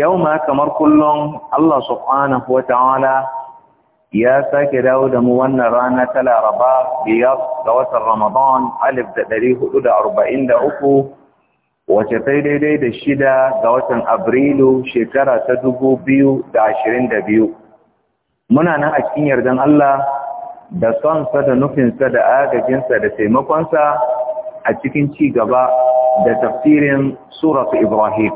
yau ma kamar kullum Allah subhanahu wa ta'ala ya sake dawo da mu wannan rana ta laraba biyar ga watan ramadan alif da ɗari hudu da arba'in da uku wace sai daidai da shida ga watan abrilu shekara ta dubu biyu da ashirin da biyu muna nan a cikin yardan Allah da sonsa da nufinsa da agajinsa da taimakonsa a cikin ci gaba da tafsirin suratu Ibrahim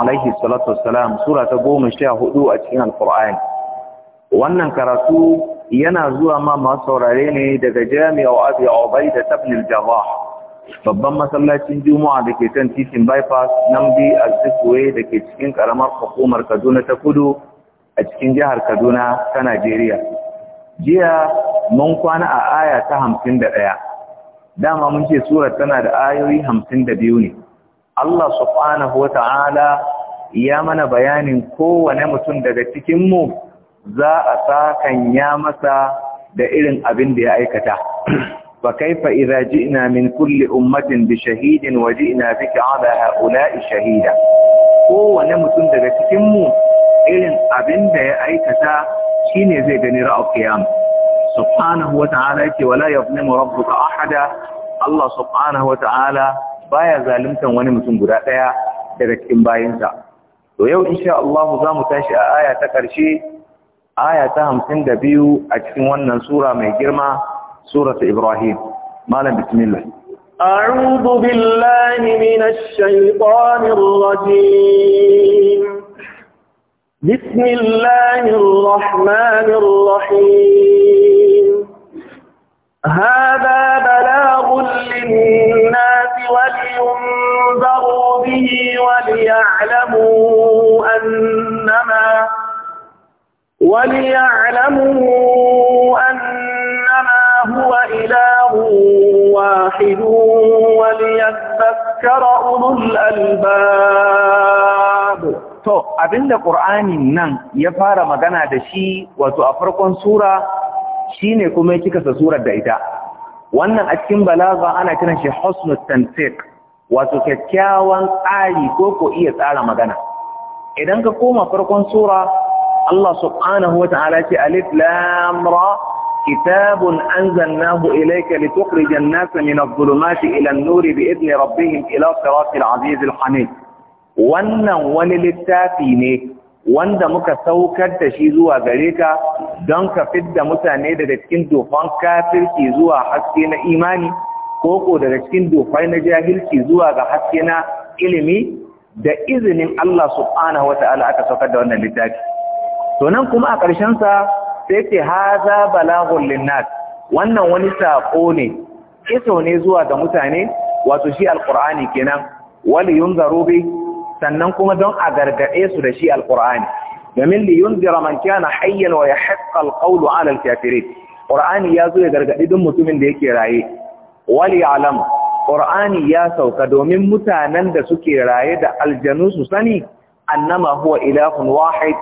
alaihi salatu wassalam sura ta goma sha hudu a cikin alkur'ani wannan karatu yana zuwa ma masu saurare ne daga jami'a wa abu ya da tabnil Jawa. babban masallacin juma'a da ke kan titin bypass a azikwe da ke cikin karamar hukumar kaduna ta kudu a cikin jihar kaduna ta najeriya jiya mun kwana a aya ta hamsin da ɗaya dama mun ce surar tana da ayoyi hamsin da biyu ne Allah subhanahu wa ta'ala ya mana bayanin kowane mutum daga cikinmu za a sakan ya masa da irin abin da ya aikata fa kaifa idza ji'na min kulli ummatin bi shahidin wa ji'na bika 'ala ha'ula'i shahida kowane mutum daga cikinmu irin abin da ya aikata shine zai gani ra'ab qiyamah subhanahu wa ta'ala yake wala yazlimu rabbuka ahada Allah subhanahu wa ta'ala baya zaluntar wani mutum guda daya daga cikin bayinsa to yau insha Allah za mu tashi a aya ta karshe aya ta 52 a cikin wannan sura mai girma suratu Ibrahim malam bismillah أعوذ بالله من الشيطان الرجيم بسم الله الرحمن الرحيم هذا بلاغ للناس ولينذروا به وليعلموا أنما وليعلموا أنما هو إله واحد وليذكر أولو الألباب to abinda qur'anin nan ya fara magana da shi wato a farkon sura shine kuma yake kasa surar da ita wannan a cikin balaga ana kiran shi husnul tanfiq wato kyakkyawan tsari ko ko iya tsara magana idan ka koma farkon sura Allah subhanahu wataala ta'ala ce alif lam ra كتاب أنزلناه إليك لتخرج الناس من الظلمات إلى النور بإذن ربهم إلى صراط العزيز الحميد wannan wani littafi ne wanda muka saukar da shi zuwa gare ka don ka fidda mutane daga cikin dofan kafirki zuwa haske na imani ko ko daga cikin dofai na jahilki zuwa ga haske na ilimi da izinin Allah subhanahu Ta'ala aka saukar da wannan littafi to nan kuma a ƙarshen sa sai ce haza balaghul linnas wannan wani saƙo ne iso ne zuwa ga mutane wato shi alqur'ani kenan wal yunzaru bi sannan kuma don a gargaɗe su da shi alƙur'ani domin liyun yunzira man kana hayyan wa yahqqa alqawlu 'ala alkafirin ƙur'ani ya zo ya gargaɗi don mutumin da yake raye wali alama ƙur'ani ya sauka domin mutanen da suke raye da aljanu su sani annama huwa ilahun wahid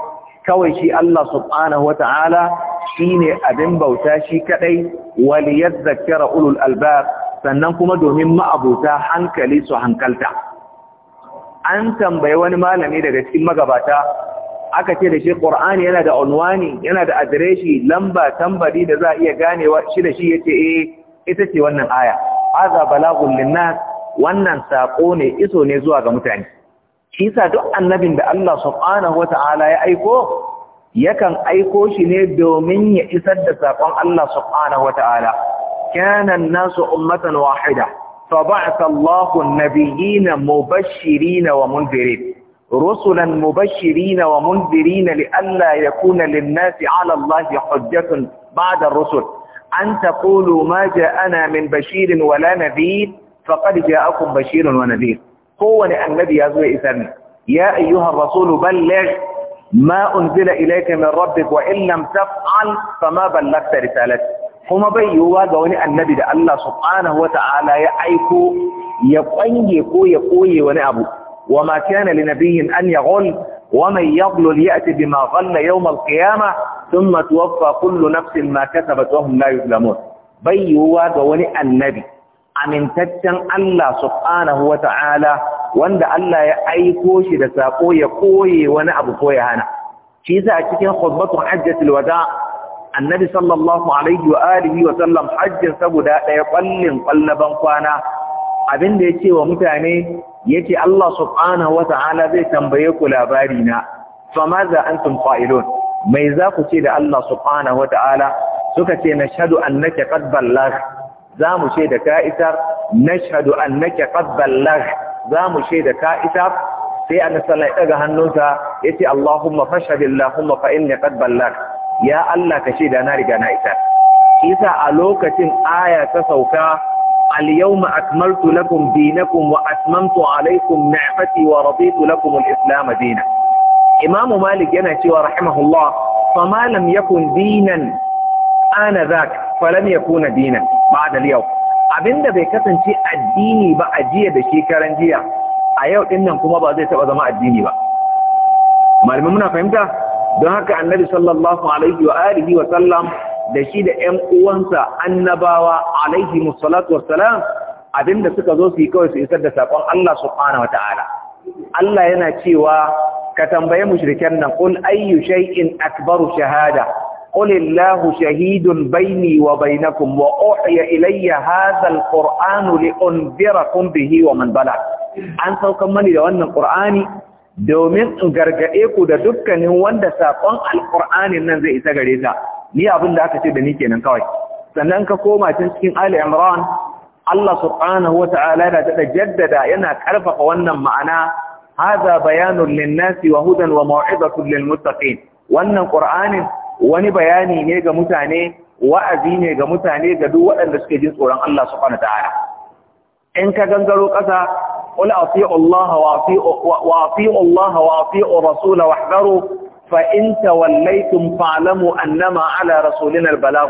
kawai shi Allah subhanahu shi shine abin bauta shi kadai waliyadhakkara ulul albab sannan kuma domin ma'abuta hankali su hankalta an tambayi wani malami daga cikin magabata aka ce da shi ƙur'ani yana da unwani yana da adireshi lamba tambari da za a iya ganewa shi da shi ya ce eh ita ce wannan aya aza balagun linnas wannan saƙo ne iso ne zuwa ga mutane shi sa duk annabin da Allah subhanahu wata'ala ya aiko yakan aiko shi ne domin ya isar da saƙon Allah subhanahu wata'ala kana nasu ummatan wahida فبعث الله النبيين مبشرين ومنذرين رسلا مبشرين ومنذرين لئلا يكون للناس على الله حجة بعد الرسل أن تقولوا ما جاءنا من بشير ولا نذير فقد جاءكم بشير ونذير هو النبي يزوي إثنى يا أيها الرسول بلغ ما أنزل إليك من ربك وإن لم تفعل فما بلغت رسالتك kuma bai yiwuwa ga wani annabi da Allah subhanahu wata'ala ya aiko ya kwange ko ya koye wani abu wa ma kana li nabiyyin an yaghul wa man yaghlul ya'ti bima ghalla yawm al-qiyamah thumma tuwaffa kullu nafsin ma kasabat wa hum la yuzlamun bai yiwuwa ga wani annabi amintaccen Allah subhanahu wata'ala wanda Allah ya aiko shi da sako ya koye wani abu ko ya hana shi yasa a cikin khutbatul hajjatul wada' annabi sallallahu alaihi wa alihi wa sallam hajjin saboda ɗaya ƙwallin ƙwallaban kwana abin da ya ce wa mutane ya ce Allah subhanahu wa ta'ala zai tambaye ku labari na fama za an tun fa'ilon mai za ku ce da Allah subhanahu wa ta'ala suka ce na shaɗu an nake ƙadballar za mu ce da ka'isar na shaɗu an nake ƙadballar za mu ce da ka'itar, sai a sallar ɗaga hannunsa ya ce Allahumma fashadillahumma fa'in ne ƙadballar ya Allah ka ce da na riga na isa isa a lokacin aya ta sauka al-yawma akmaltu lakum dinakum wa atmamtu alaykum ni'mati wa raditu lakum al-islam dinan imamu malik yana cewa rahimahullah fa ma lam yakun dinan ana zak fa lam yakun dinan ba'da al abinda bai kasance addini ba a jiya da shekaran jiya a yau din kuma ba zai taɓa zama addini ba malamin muna fahimta don haka annabi sallallahu alaihi wa alihi wa sallam da shi da ƴan uwansa annabawa alaihi musallatu wassalam abinda suka zo su yi kawai su isar da saƙon, Allah subhanahu wataala Allah yana cewa ka tambaye mushrikan nan qul ayyu shay'in akbaru shahada قل الله شهيد بيني وبينكم وأوحي إلي هذا القرآن لأنذركم به ومن بلغ an saukan mani da wannan ƙur'ani domin in gargaɗe ku da dukkanin wanda saƙon alƙur'anin nan zai isa gare ta ni abin da aka ce da ni kenan kawai sannan ka koma can cikin Ali Imran Allah subhanahu wata'ala yana ta jaddada yana ƙarfafa wannan ma'ana hadha bayanun linnasi wa hudan wa maw'izatun lil-muttaqin wannan Qur'anin wani bayani ne ga mutane wa'azi ne ga mutane ga duk waɗanda suke jin tsoron Allah subhanahu wata'ala in ka gangaro ƙasa قل أطيعوا الله وأطيعوا الله وأطيعوا الرسول واحذروا فإن توليتم فاعلموا أنما على رسولنا البلاغ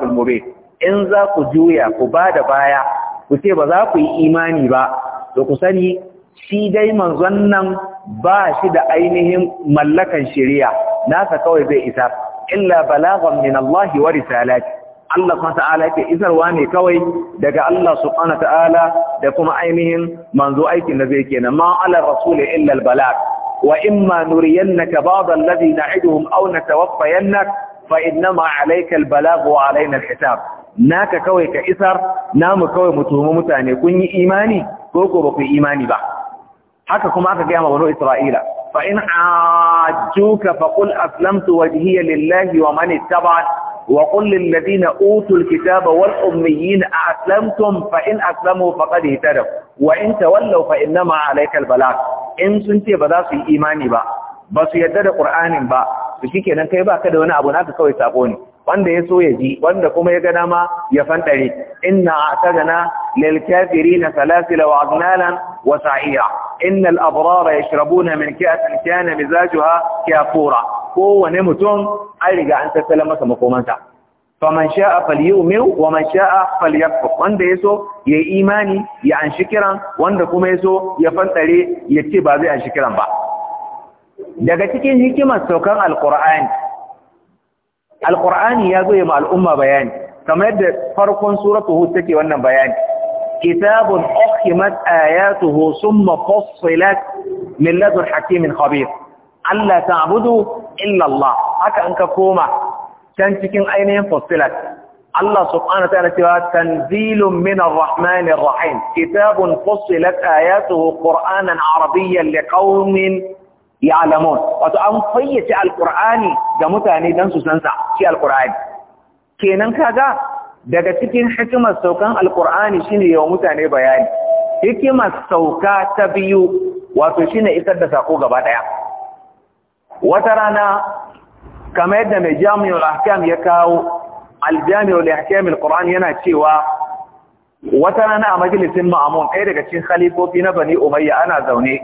in za ku juya ku ba da baya ku ce ba za ku yi imani ba da ku sani shi dai manzon nan ba shi da ainihin mallakan shiriya, nasa kawai zai isa illa balagan min Allah wa risalati Allah subhanahu ta'ala yake isarwa ne kawai daga Allah subhanahu ta'ala da kuma ainihin manzo aikin da zai kenan ma ala rasul illa al balag wa imma nuriyannaka ba'd alladhi na'iduhum aw natawaffayannak fa innama alayka al balag wa alaina al hisab naka kawai ka isar namu kawai mu tuhumi mutane kun yi imani ko ko ba ku imani ba haka kuma aka gaya ma banu isra'ila fa in ajuka fa qul aslamtu wajhiya lillahi wa man ittaba'a wa qul lil ladina utul kitaba wal ummiyin aslamtum fa in aslamu faqad ihtadaw wa in tawallaw fa innama alayka al balagh in sun ce ba za su yi imani ba ba su yarda da qur'anin ba to shikenan kai baka da wani abu naka kawai sako ne wanda ya so ya ji wanda kuma ya gana ma ya fantare inna a'tadna lil kafirin salasila wa wa sa'ira innal abrara yashrabuna min ka'sin kana mizajuha kafura kowane mutum an riga an tattala masa makomansa faman sha'a falyu'min wa man sha'a falyakfur wanda yaso yayi imani ya anshi kiran wanda kuma yaso ya fantare ya ce ba zai anshi kiran ba daga cikin hikimar saukan alqur'ani alqur'ani ya zo ya ma al'umma bayani kamar yadda farkon suratu hud take wannan bayani كتاب أحكمت آياته ثم فصلت من لدن حكيم خبير ألا تعبدوا إلا الله هكا أنك كوما تنتكين أين فصلت الله سبحانه وتعالى تنزيل من الرحمن الرحيم كتاب فصلت آياته قرآنا عربيا لقوم يعلمون وتأم في القرآن جمتاني دنسو سنسع في القرآن كينا كذا daga cikin hikimar saukan alkur'ani shine yawa mutane bayani hikimar sauka ta biyu wato shine isar da sako gaba daya wata rana kamar yadda mai jami'ul ahkam ya kawo aljami'ul ahkam alquran yana cewa wata rana a majalisin ma'amun ɗaya daga cikin khalifofi na bani umayya ana zaune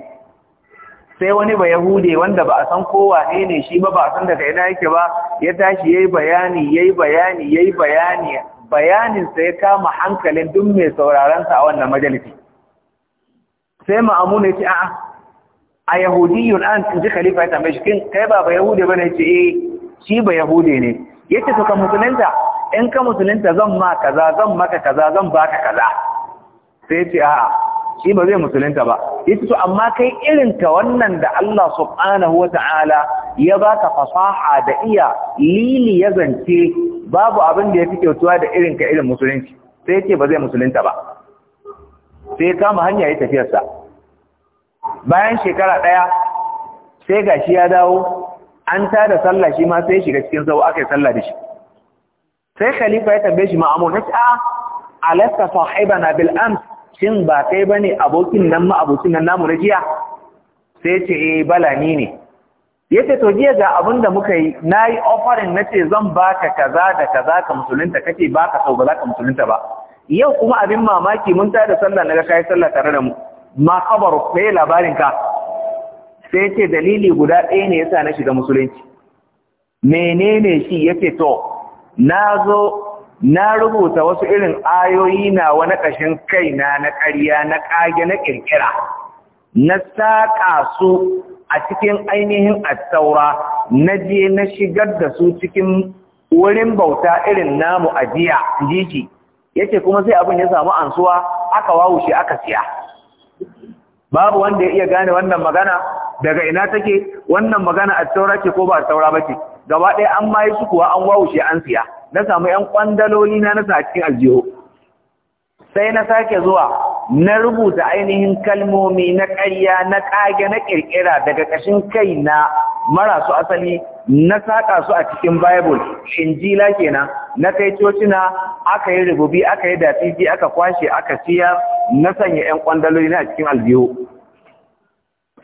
sai wani ba yahude wanda ba a san kowa ne ne shi ba ba a san daga ina yake ba ya tashi yayi bayani yayi bayani yayi bayani bayaninsa ya kama hankalin duk mai saurarensa a wannan majalisi sai ma'amuna ya ce a'a a yahudiyun an ji khalifa ya tambaye shi kin kai ba ba yahude bane ce eh shi ba yahude ne yace to ka musulunta in ka musulunta zan ma kaza zan maka kaza zan baka kaza sai ya ce a'a shi ba zai musulunta ba yace to amma kai irin ta wannan da Allah subhanahu wata'ala ya baka fasaha da iya lili ya zance babu abin da ya fi kyautuwa da irin ka irin musulunci sai yake ba zai musulunta ba sai kama hanya ya tafiyarsa bayan shekara ɗaya sai gashi ya dawo an tada sallah shi ma sai shiga cikin sau aka yi sallah da shi sai khalifa ya tambaye shi ma'amun na a ah, alasta sahibana bil ams shin ba kai bane abokin nan ma abokin nan namu na jiya sai ce eh bala ni ne yace to jiya ga abin da muka yi nayi offering nace zan baka kaza da kaza ka musulunta kace baka sau ba za ka musulunta ba yau kuma abin mamaki mun ta da sallah naga kai sallah tare da mu ma khabaru kai labarin ka sai ce dalili guda ɗaya ne yasa na shiga musulunci menene shi yace to nazo na rubuta wasu irin ayoyi na wani ƙashin na na ƙarya na ƙage na ƙirƙira na saƙa su a cikin ainihin attaura na je na shigar da su cikin wurin bauta irin namu a jiya jiki yake kuma sai abin ya samu ansuwa aka wawushe aka siya babu wanda ya iya gane wannan magana daga ina take wannan magana taura ce ko ba ba ce? gaba ɗaya an mayi su kuwa an wawushe an siya na samu 'yan kwandaloli na nasa a cikin aljihu sai na sake zuwa na rubuta ainihin kalmomi na ƙarya na ƙage na ƙirƙira daga ƙashin kai na marasu asali na saƙa su a cikin Bible, Injila kenan, na kai cocina aka yi rububi, aka yi dafifi, aka kwashe, aka siya, na sanya ‘yan ƙwandaloli na cikin aljihu.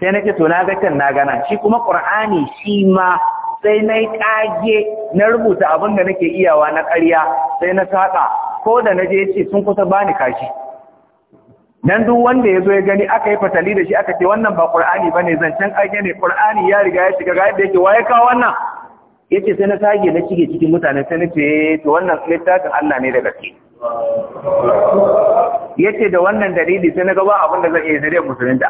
Sai na to na ga can na gana, shi kuma Ƙur'ani shi ma sai na yi ƙage na rubuta abin da nake iyawa na ƙarya sai na saƙa, ko da na je ce sun kusa bani kashi. dan duk wanda yazo ya gani aka yi fatali da shi aka ce wannan ba qur'ani bane zancen ƙarya ne qur'ani ya riga ya shiga ga yadda yake waye kawo wannan yace sai na sage na shige cikin mutane sai na ce eh, to wannan littafin Allah ne da gaske yace da wannan dalili sai na ga ba abin da zan iya zare da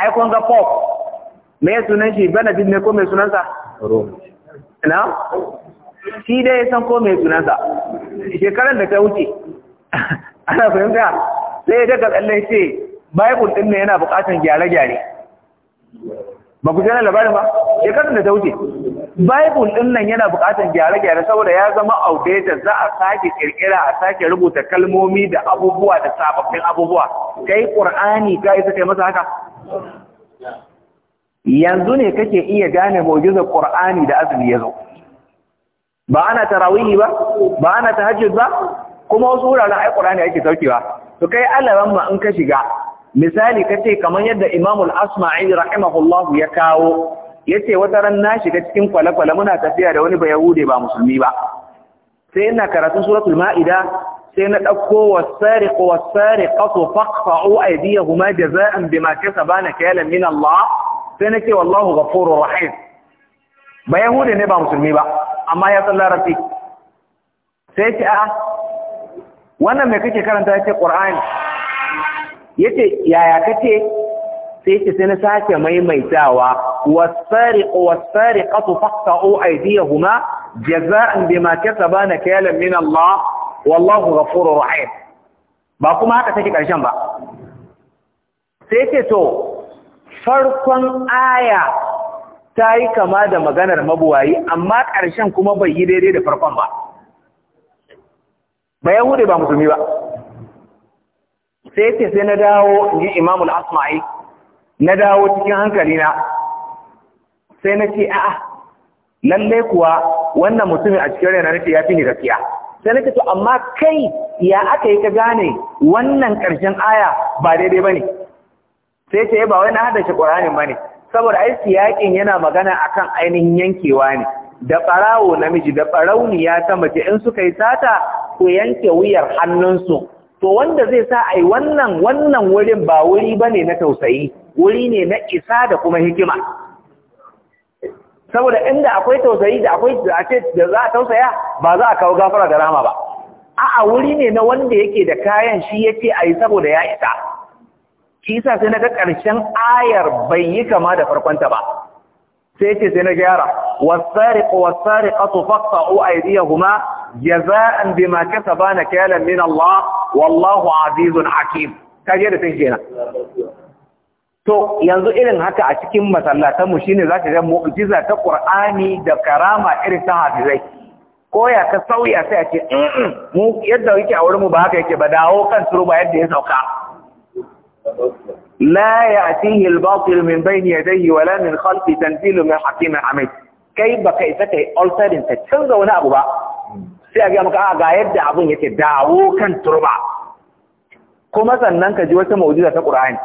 ai kun ga pop me sunan shi Benedict ne ko me sunansa na shi dai ya san ko me sunansa shekaran da ta wuce ana fahimta sai ya daga tsallai ce bayan din ne yana bukatan gyare-gyare ba ku jana labarin ba shekarun da ta wuce bayan din nan yana bukatan gyare-gyare saboda ya zama outdated za a sake kirkira a sake rubuta kalmomi da abubuwa da sababbin abubuwa kai qur'ani ga isa kai masa haka yanzu ne kake iya gane mu'jizar qur'ani da azumi yazo ba ana tarawihi ba ba ana hajji ba kuma wasu wuraren ai qur'ani ake saukewa to kai ma in ka shiga misali ka ce kamar yadda imamul asma'i rahimahullahu ya kawo ya ce wata ran na shiga cikin kwale-kwale muna tafiya da wani bayahude ba musulmi ba sai ina karatun suratul ma'ida sai na ɗauko wasariq wasariq su faqfa'u aydiyahuma jaza'an bima na kayalan min Allah sai na ce wallahu ghafurur rahim bayahude ne ba musulmi ba amma ya san sai ce a'a wannan mai kake karanta yace qur'ani yace yaya kace sai yace sai na sake maimaitawa was-sariqu was-sariqatu faqta'u aydiyahuma jazaa'an bima kasaba nakalan min Allah wallahu ghafurur rahim ba kuma haka take karshen ba sai yace to farkon aya ta yi kama da maganar mabuwayi amma ƙarshen kuma bai yi daidai da farkon ba ba ya yahude ba musulmi ba sai ce sai na dawo ni imamul asma'i na dawo cikin hankali na sai na ce a'a lalle kuwa wannan mutumin a cikin rayuwa nake ya fi ni gaskiya sai nake to amma kai ya aka yi ka gane wannan ƙarshen aya ba daidai bane sai ce eh, ba wai na hada shi Qur'anin bane saboda ai siyakin yana magana akan ainihin yankewa ne da ɓarawo namiji da ɓarauniya ta mace in suka yi sata ku yanke wuyar hannunsu to wanda zai sa a yi wannan wannan wurin ba wuri ba ne na tausayi wuri ne na isa da kuma hikima saboda inda akwai tausayi da akwai da ce da za a tausaya ba za a kawo gafara da rama ba a'a wuri ne na wanda yake da kayan shi yake ce a yi saboda ya isa shi sa sai na ga ƙarshen ayar bai yi kama da farkonta ba sai ce sai na gyara wasariqu wasariqatu faqta'u aydiyahuma jaza'an ba na kyalan min Allah wallahu azizun hakim kaje da tun kenan to yanzu irin haka a cikin masallatan mu shine zaka ga mu'jiza ta Qur'ani da karama irin ta hadizai ko ya ka sauya sai a ce mu yadda yake a wurin mu ba haka yake ba dawo kan suru ba yadda ya sauka لا يأتيه الباطل من بين يديه ولا من خلفه تنزيل من حكيم حميد kai ba ka isa ka yi alterin ka canza wani abu ba sai a gaya maka ga yadda abun yake dawo kan turba kuma sannan ka ji wata maujiza ta Qur'ani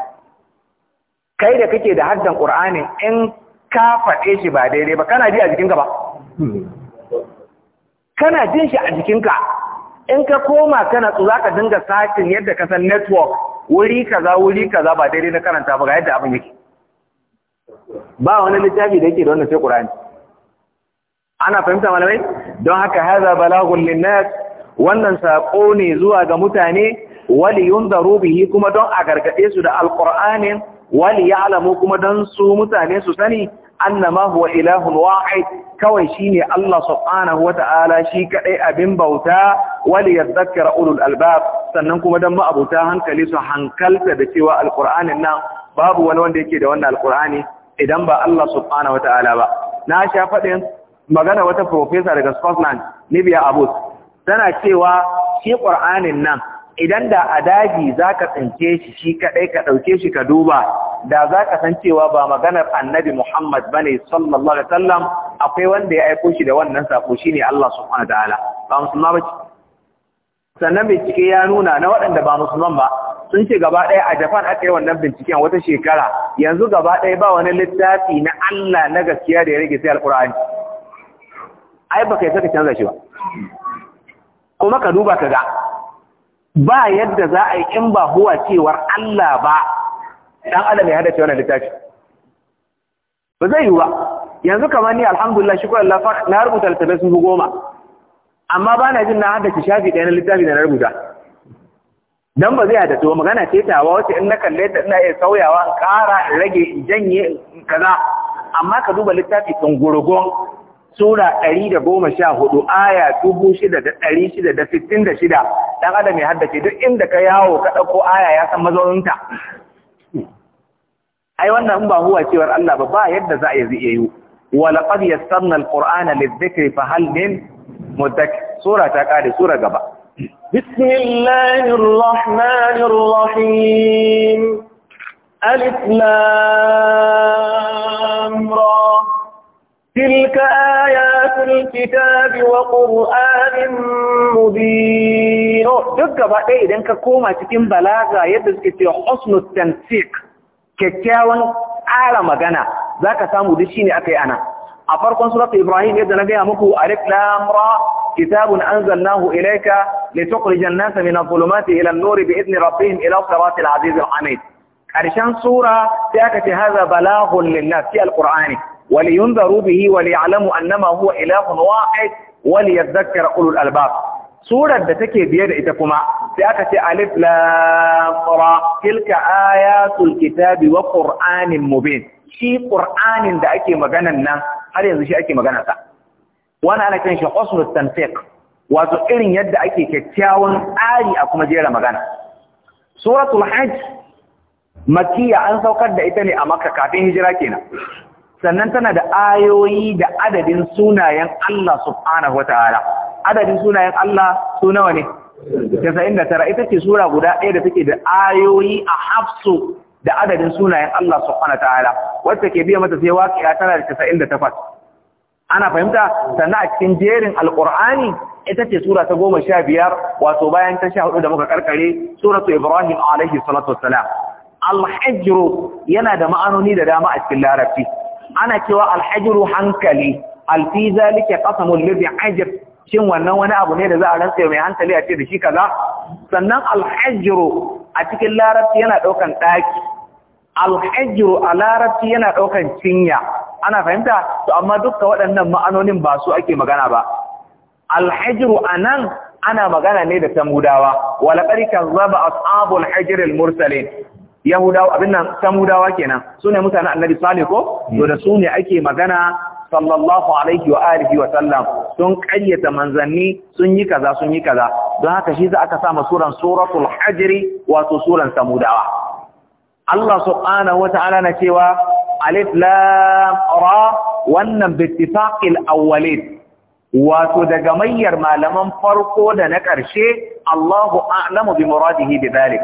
kai da kake da haddan Qur'ani in ka faɗe shi ba daidai ba kana ji a jikinka ba kana jin shi a jikinka in ka koma kana tsu zaka dinga satin yadda ka san network wuri kaza wuri kaza ba daidai na karanta ba ga yadda abin yake ba wani littafi da yake da wannan sai Qur'ani ana fahimta malamai don haka hadha balagun linnas wannan sako ne zuwa ga mutane wali yunzaru bihi kuma don a gargade su da alqur'anin wali ya'lamu kuma don su mutane su sani Annamahu huwa ilahun kawai shine Allah subhanahu wata'ala shi kadai abin bauta wali yadhakkara ulul albab sannan kuma dan ma'abuta hankali su hankalta da cewa alqur'anin nan babu wani wanda yake da wannan alqur'ani idan ba Allah subhanahu wata'ala ba na sha faɗin magana wata profesa daga Scotland Nibia Abud tana cewa shi ƙur'anin nan idan da a daji za ka tsince shi shi kaɗai ka ɗauke shi ka duba da za ka san cewa ba maganar annabi Muhammad ba ne sallallahu alaihi wasallam akwai wanda ya aiko shi da wannan sako shi ne Allah subhanahu wa ta'ala ba musulman ba sannan bincike ya nuna na waɗanda ba musulman ba sun ce gaba ɗaya a Japan aka yi wannan binciken wata shekara yanzu gaba ɗaya ba wani littafi na Allah na gaskiya da ya rage sai alƙur'ani ai baka yi saka canza shi ba kuma ka duba ka ga ba yadda za a yi in ba huwa cewar Allah ba dan adam ya hada cewa littafi ba zai yi ba yanzu kamar ni alhamdulillah shi Allah na rubuta littafi sun fi goma amma ba na jin na hada ki shafi ɗaya na littafi da na rubuta dan ba zai hada to magana ce tawa wace in na kalle da ina iya sauyawa in ƙara in rage in janye in kaza amma ka duba littafi sun gurgun sura hudu, aya dubu shida shida da da da ɗari shida. dan adam ya haddace duk inda ka yawo ka ɗauko aya ya san mazauninta ai wannan in ba huwa cewar Allah ba ba yadda za a yi iya yi wa laqad yassarna alqur'ana lidhikri fa hal min mudakkir sura ta kare sura gaba bismillahir rahmanir rahim alif lam ra تلك آيات الكتاب وقرآن مبين دقة بقى ايه دنك كومة تكين بلاغة يدس كتير حسن التنسيق كتاون عالم غنى ذاك سامو دشيني اكي انا افرقن سورة ابراهيم يدنا بيها مكو اريك لامرا كتاب انزلناه اليك لتخرج الناس من الظلمات الى النور باذن ربهم الى صراط العزيز الحميد عشان سورة تأكت هذا بلاغ للناس في القرآن ولينذروا به وليعلموا انما هو اله واحد وليتذكر اولو الالباب سوره da take biye da ita kuma sai aka ce alif lam ra tilka ayatul kitab wa qur'anin mubin shi qur'anin da ake maganan na? har yanzu shi ake magana sa wannan ana kiran shi qasr wato irin yadda ake kyakkyawan tsari a kuma jera magana suratul hajj makkiya an saukar da ita ne a makka kafin hijira kenan sannan tana da ayoyi da adadin sunayen Allah subhanahu wataala adadin sunayen Allah su nawa ne 99 ita ce sura guda ɗaya da take da ayoyi a hafsu da adadin sunayen Allah subhanahu wataala wacce ke biya mata sai waqi'a tana da 98 ana fahimta sannan a cikin jerin alqur'ani ita ce sura ta goma sha biyar wato bayan ta sha hudu da muka karkare suratu ibrahim alaihi salatu wassalam alhajru yana da ma'anoni da dama a cikin larabci ana cewa alhajiru hankali alfiza like qasamul ladhi ajiyar, shin wannan wani abu ne da za a rantse mai hankali a ce da shi kaza sannan alhajiru a cikin larabci yana daukan daki alhajiru a larabci yana daukan cinya ana fahimta to amma dukka waɗannan ma'anonin ba su ake magana ba alhajiru a nan ana magana ne da samudawa wala ashabul hajiril mursalin yahudawa abin nan samudawa kenan sune mutanen annabi salih ko to da su ne ake magana sallallahu alaihi wa alihi wa sallam sun ƙayyata manzanni sun yi kaza sun yi kaza don haka shi za aka sa ma suran suratul hajri wato suran samudawa Allah subhanahu wata'ala na cewa alif lam ra wannan bittifaqil awwalin wato daga mayyar malaman farko da na ƙarshe Allahu a'lamu bi muradihi bi dhalik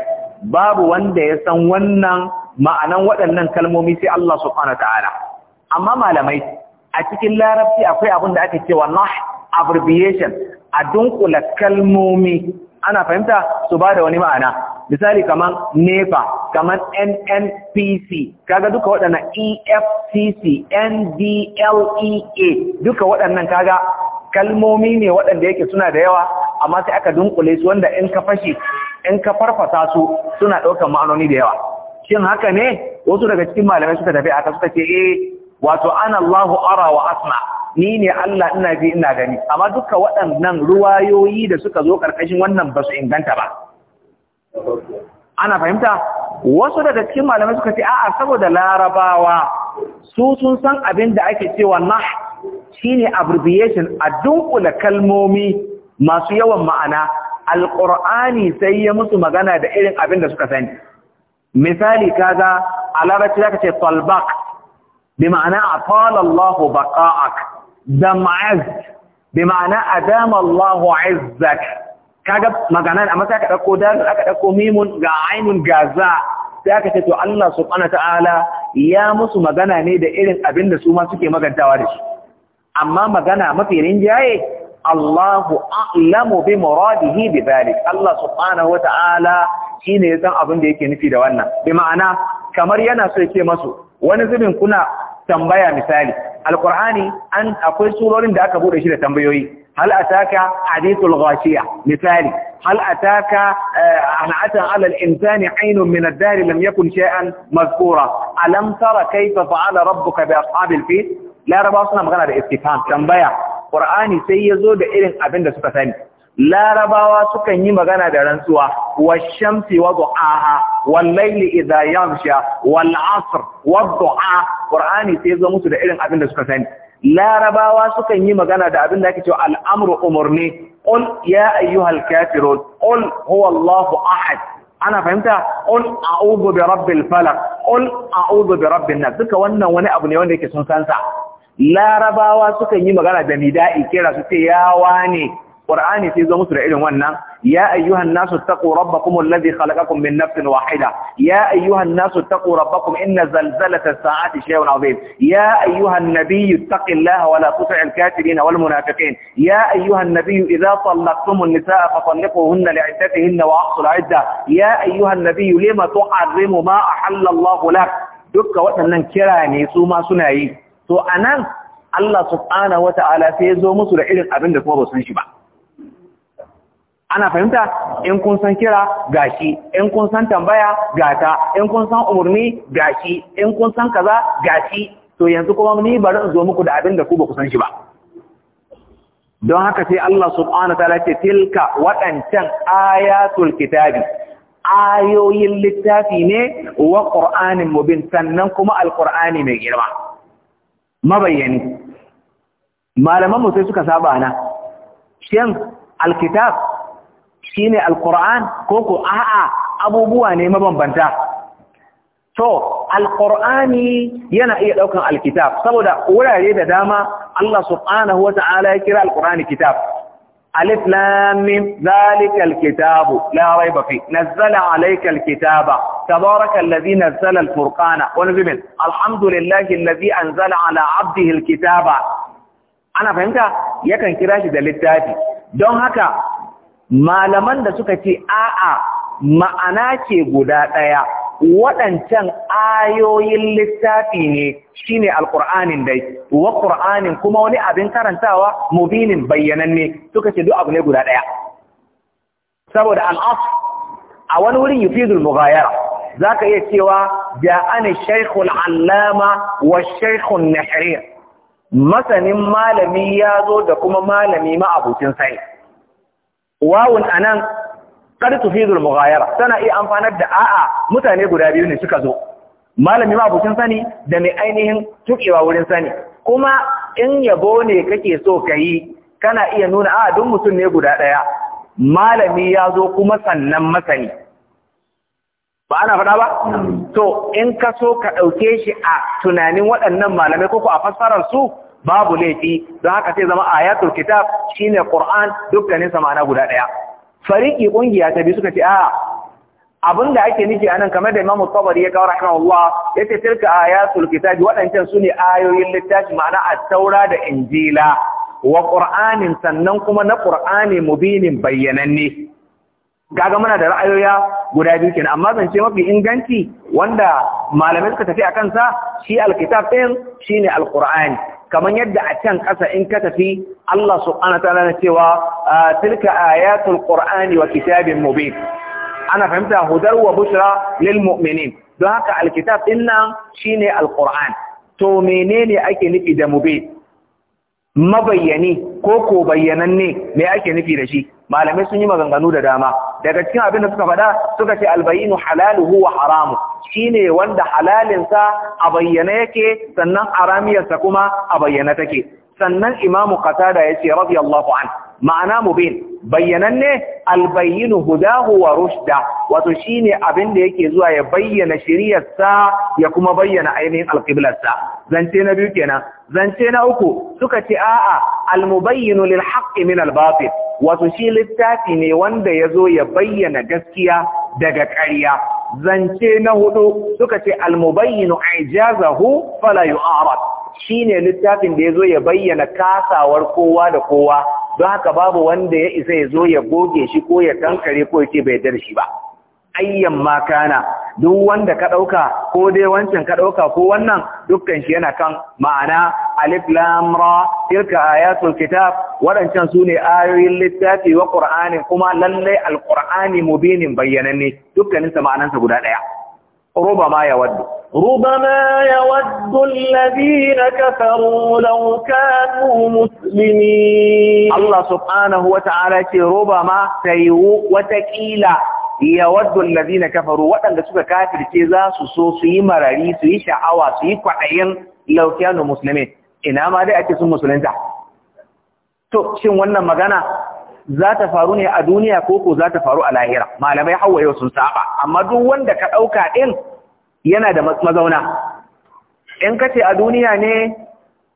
babu wanda ya san wannan ma'anan waɗannan kalmomi sai Allah subhanahu ta'ala amma malamai a cikin larabci akwai abin da ake cewa nah abbreviation a dunkula kalmomi ana fahimta su ba da wani ma'ana misali kaman nepa kaman nnpc kaga duka waɗannan efcc ndlea duka waɗannan kaga kalmomi ne waɗanda yake suna da yawa amma sai aka dunkule su wanda in ka fashe in ka farfasa su suna ɗaukar ma'anoni da yawa shin haka ne wasu daga cikin malamai suka tafi aka suka ce eh wato ana Allahu ara wa asma ni ne Allah ina ji ina gani amma duka waɗannan ruwayoyi da suka zo karkashin wannan ba su inganta ba ana fahimta wasu daga cikin malamai suka ce a'a saboda larabawa su sun san abin da ake cewa nah shine abbreviation a dunkula kalmomi masu yawan ma'ana alqur'ani sai ya musu magana da irin abin da suka sani misali kaga a larabci zaka ce talbaq bi ma'ana atala Allah baqa'ak dam'az bi ma'ana adama Allah 'izzak kaga magana amma sai aka dauko da aka dauko mimun ga ainun gaza sai aka ce to Allah subhanahu ta'ala ya musu magana ne da irin abin da su ma suke magantawa da shi amma magana mafi rinjaye Allahu a'lamu bi muradihi bi zalik Allah subhanahu wata'ala shine ya san abin da yake nufi da wannan bi ma'ana kamar yana so yake masu wani zubin kuna tambaya misali alqur'ani an akwai surorin da aka bude shi da tambayoyi hal ataka hadithul ghashiya misali hal ataka مثالي ala al-insani aynun min ad-dari lam yakun shay'an mazkura alam tara kayfa fa'ala rabbuka bi ashabil الفيل laraba suna magana da istifham tambaya qur'ani sai yazo da irin abin da suka sani larabawa sukan yi magana da rantsuwa washamsi wa du'aha wal layli idha yamsha wal 'asr wad qur'ani sai yazo musu da irin abin da suka sani larabawa sukan yi magana da abin da ake cewa al'amru umarni qul ya ayyuhal kafirun qul huwallahu ahad ana fahimta qul a'udhu bi rabbil falaq qul a'udhu bi rabbin nas duka wannan wani abu ne wanda yake sun san larabawa suka yi magana da nida'i kira su ce ya wane qur'ani sai zo musu da irin wannan ya ayyuhan nasu taqu rabbakum alladhi khalaqakum min nafsin wahida ya ayyuhan nasu taqu rabbakum inna zalzalata as-sa'ati shay'un 'azim ya ayyuhan nabiyyu taqillaha wa la tuti'il kafirin wal munafiqin ya ayyuhan nabiyyu idha talaqtumun nisaa fatalliquhunna li'iddatihinna wa ahsul 'idda ya ayyuhan nabiyyu lima tuharrimu ma ahalla Allahu lak dukka waɗannan kira ne su ma suna yi to anan Allah subhanahu wata'ala sai ya zo musu da irin abin da kuma ba san shi ba ana fahimta in kun san kira gashi in kun san tambaya gata in kun san umarni gashi in kun san kaza gashi to yanzu kuma ni bari in zo muku da abin da ku ba ku san shi ba don haka sai Allah subhanahu ta'ala ce tilka waɗancan ayatul kitabi ayoyin littafi ne wa qur'anin mubin sannan kuma alqur'ani mai girma mabayani malaman mu sai suka saba na shin alkitab ne alquran ko ko a'a abubuwa ne mabambanta to Alƙur'ani yana iya daukan alkitab saboda wurare da dama Allah subhanahu wata'ala ya kira alqurani kitab alif lam mim zalikal kitab la rayba fi nazzala alaykal tabaraka تبارك الذي نزل Wani ونزل الحمد لله الذي أنزل على عبده Ana fahimta? yakan kira shi da littafi don haka malaman da suka ce a'a ma'ana ce guda ɗaya waɗancan ayoyin littafi ne shine alƙur'anin dai wa ƙur'anin kuma wani abin karantawa mubinin bayyananne suka ce duk abu ne guda ɗaya saboda al'af a wani wurin yufidul za zaka iya cewa ja'ani shaykhul allama wa shaykhun nahrir masanin malami ya zo da kuma malami ma sai wawun anan qad tufidul mughayara tana iya amfanar da a'a mutane guda biyu ne suka zo malami ma bukin sani da mai ainihin tukewa wurin sani kuma in yabo ne kake so kai kana iya nuna a duk mutum ne guda ɗaya, malami ya zo kuma sannan masani ba ana faɗa ba hmm. to in ka so ka ɗauke shi a tunanin waɗannan malamai ko a fassarar su babu laifi don haka sai zama ayatul kitab shine qur'an dukkanin sa ma'ana guda daya fariki kungiya ta bi suka ce a abinda ake nufi anan kamar da Imam Tabari ya kawo Allah yace tilka ayatul kitab wadancan sune ayoyin littafi ma'ana at-taura da injila wa qur'anin sannan kuma na qur'ani mubinin bayyananne Gaga muna da ra'ayoya guda biyu kenan amma zance mafi inganci wanda malamai suka tafi akan sa shi alkitab ɗin shine alqur'ani kamar yadda a can ƙasa in ka tafi Allah subhanahu ta'ala na cewa ah, tilka ayatul qur'ani wa kitabin mubin ana fahimta hudar wa bushra lil mu'minin don haka alkitab din nan shine alqur'an to menene ake nufi da mubin mabayyani ko ko bayyananne me ake nufi da shi malamai sun yi maganganu da dama daga cikin abin da suka faɗa suka ce albayinu halaluhu wa haramu shine wanda halalinsa a bayyana yake sannan aramiyarsa kuma a bayyana take sannan imamu qatada yace Allahu an ma'ana mubin bayyananne albayyinu hudahu wa rushda wato shine abin da yake zuwa ya bayyana shiriyarsa ya kuma bayyana ainihin alqiblarsa zance na biyu kenan zance na uku suka ce a'a almubayyinu lil haqqi min al batil wato shi littafi ne wanda ya zo ya bayyana gaskiya daga ƙarya zance na hudu suka ce almubayyinu ijazahu fala yu'arad shine littafin da yazo ya bayyana kasawar kowa da kowa don haka babu wanda ya isa yazo ya goge shi ko ya tankare ko ya ce bai dar shi ba ayyan ma kana duk wanda ka ɗauka ko dai wancan ka ɗauka ko wannan dukkan shi yana kan ma'ana alif lam ra tilka ayatul kitab waɗancan sune ayoyin littafi wa qur'ani kuma lallai alqur'ani mubinin bayyananne dukkanin sa ma'anansa guda ɗaya ربما يود ربما يود الذين كفروا لو كانوا مسلمين الله سبحانه وتعالى ربما سيو وتكيلا yawaddu ka kafaru waɗanda suka kafirce za su so su yi marari su yi sha'awa su yi kwaɗayin laukiyanu musulmi ina ma dai ake sun musulunta to shin wannan magana za ta faru ne a duniya ko ko za ta faru a lahira malamai hawa yau sun saba amma duk wanda ka ɗauka ɗin yana da mazauna in ka ce a duniya ne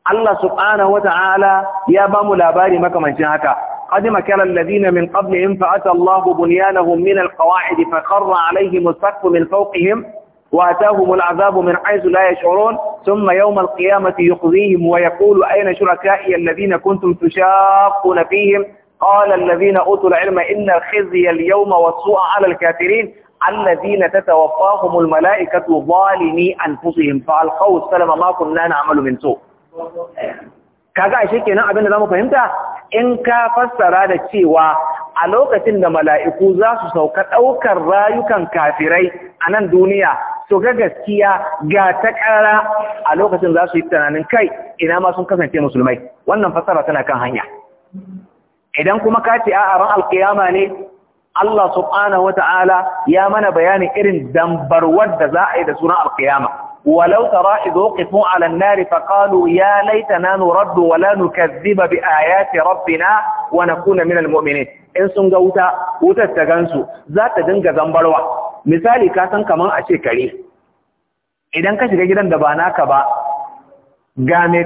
Allah subhanahu ta'ala ya ba mu labari makamancin haka قد كان الذين من قبلهم فأتى الله بنيانهم من القواعد فخر عليهم السقف من فوقهم وأتاهم العذاب من حيث لا يشعرون ثم يوم القيامة يخزيهم ويقول أين شركائي الذين كنتم تشاقون فيهم قال الذين أوتوا العلم إن الخزي اليوم والسوء على الكافرين الذين تتوفاهم الملائكة ظالمي أنفسهم فألقوا السلام ما كنا نعمل من سوء kaga ashe kenan abin da zamu fahimta in ka fassara da cewa a lokacin da mala'iku za su sauka ɗaukar rayukan kafirai a nan duniya to ga gaskiya ga ta ƙara a lokacin za su yi tunanin kai ina ma sun kasance musulmai wannan fassara tana kan hanya idan kuma ka ce a ran alƙiyama ne Allah subhanahu wata'ala ya mana bayanin irin dambarwar da za a yi da sunan alƙiyama ولو ترى إذ وقفوا على النار فقالوا يا ليتنا نرد ولا نكذب بآيات ربنا ونكون من المؤمنين in sun ga wuta wutar ta gansu za ta dinga zambarwa misali ka san kaman a ce idan ka shiga gidan da ba naka ba ga mai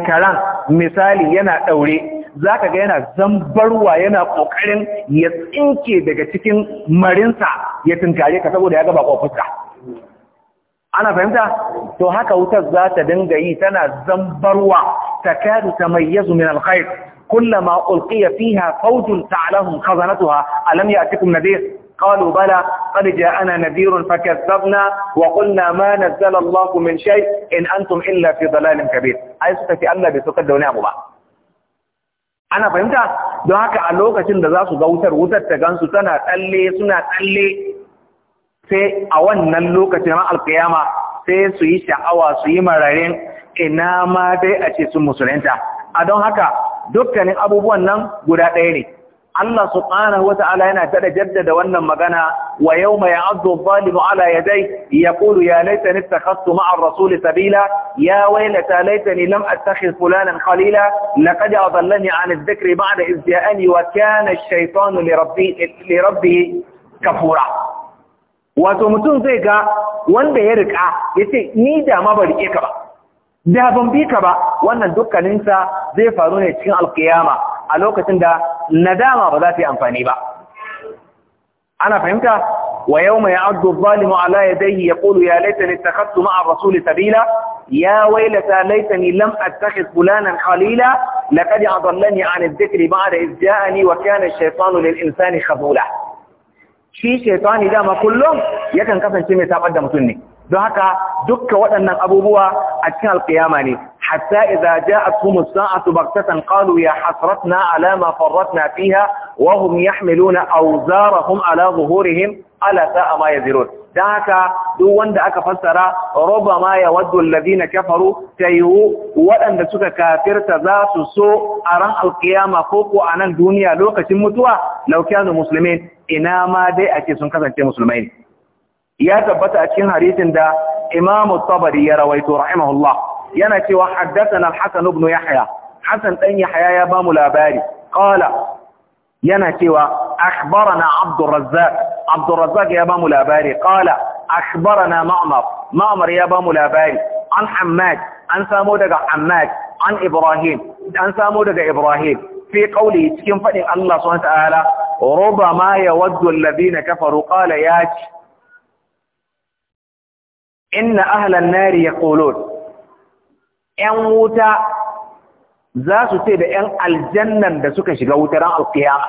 misali yana daure za ka ga yana zambarwa yana kokarin ya tsinke daga cikin marinsa ya tunkare ka saboda ya gaba ko ana fahimta to haka wutar za ta dinga yi tana zambarwa takadu mai min alkhair kullama ulqiya fiha fawjun ta'lahum khazanatuha alam ya'tikum nadhir قالوا بلى قد جاءنا نذير فكذبنا وقلنا ما نزل الله من شيء إن أنتم Ai في ضلال Allah bai ستفي da wani abu ba. ana fahimta don haka a lokacin da za su ga wutar wutar ta gansu tana tsalle suna tsalle sai a wannan lokacin ran alkiyama sai su yi sha'awa su yi mararin ina ma dai a ce sun musulunta a don haka dukkanin abubuwan nan guda ɗaya ne Allah subhanahu yana tada jaddada wannan magana wa yawma ya'addu adh-dhalimu ala ya yaqulu ya laitani ittakhadtu ma'a ar-rasuli sabila ya waylata laitani lam attakhidh fulanan khalila laqad adallani 'an adh-dhikri ba'da idh ja'ani wa kana ash-shaytanu li rabbi li rabbi kafura wato mutum zai ga wanda ya rika ya ce ni da ma ba rike ka ba da ban bi ka ba wannan dukkaninsa zai faru ne cikin alkiyama a lokacin da nadama ba za ta yi amfani ba ana fahimta wa yau mai addu zalimu ala ya dai ya kulu ya laita ne takattu ma'a rasuli sabila ya wailata laita ni lam attakhid fulanan khalila laqad adallani an adh-dhikri ba'da iz wa kana ash-shaytanu lil insani khazula shi shaitani dama kullum yakan kasance mai tabar da mutum ne don haka dukkan waɗannan abubuwa a cikin alƙiyama ne hatta idza ja'atuhum as-sa'atu baghtatan qalu ya hasratna ala ma farratna fiha wa hum yahmiluna awzarahum ala zuhurihim ala sa'a ma yazirun dan haka duk wanda aka fassara rubama yawaddu alladhina kafaru tayu waɗanda suka kafirta za su so a ran alƙiyama ko ko a nan duniya lokacin mutuwa law kanu ina ma dai ake sun kasance musulmai ya tabbata a cikin hadisin da Imam Tabari ya rawaito rahimahullah yana cewa haddathana al-Hasan ibn Yahya Hasan dan yahaya ya bamu labari qala yana cewa akhbarana Abdul Razzaq Abdul Razzaq ya ba mu labari qala akhbarana Ma'mar Ma'mar ya ba mu labari an Hammad an samu daga Hammad an Ibrahim an samu daga Ibrahim fi qawli cikin fadin Allah subhanahu wa ta'ala rubama yawaddu alladhina kafaru qala ya inna ahlan nari yaqulun ‘yan wuta za su ce da ‘yan aljannan da suka shiga wutar alƙiyama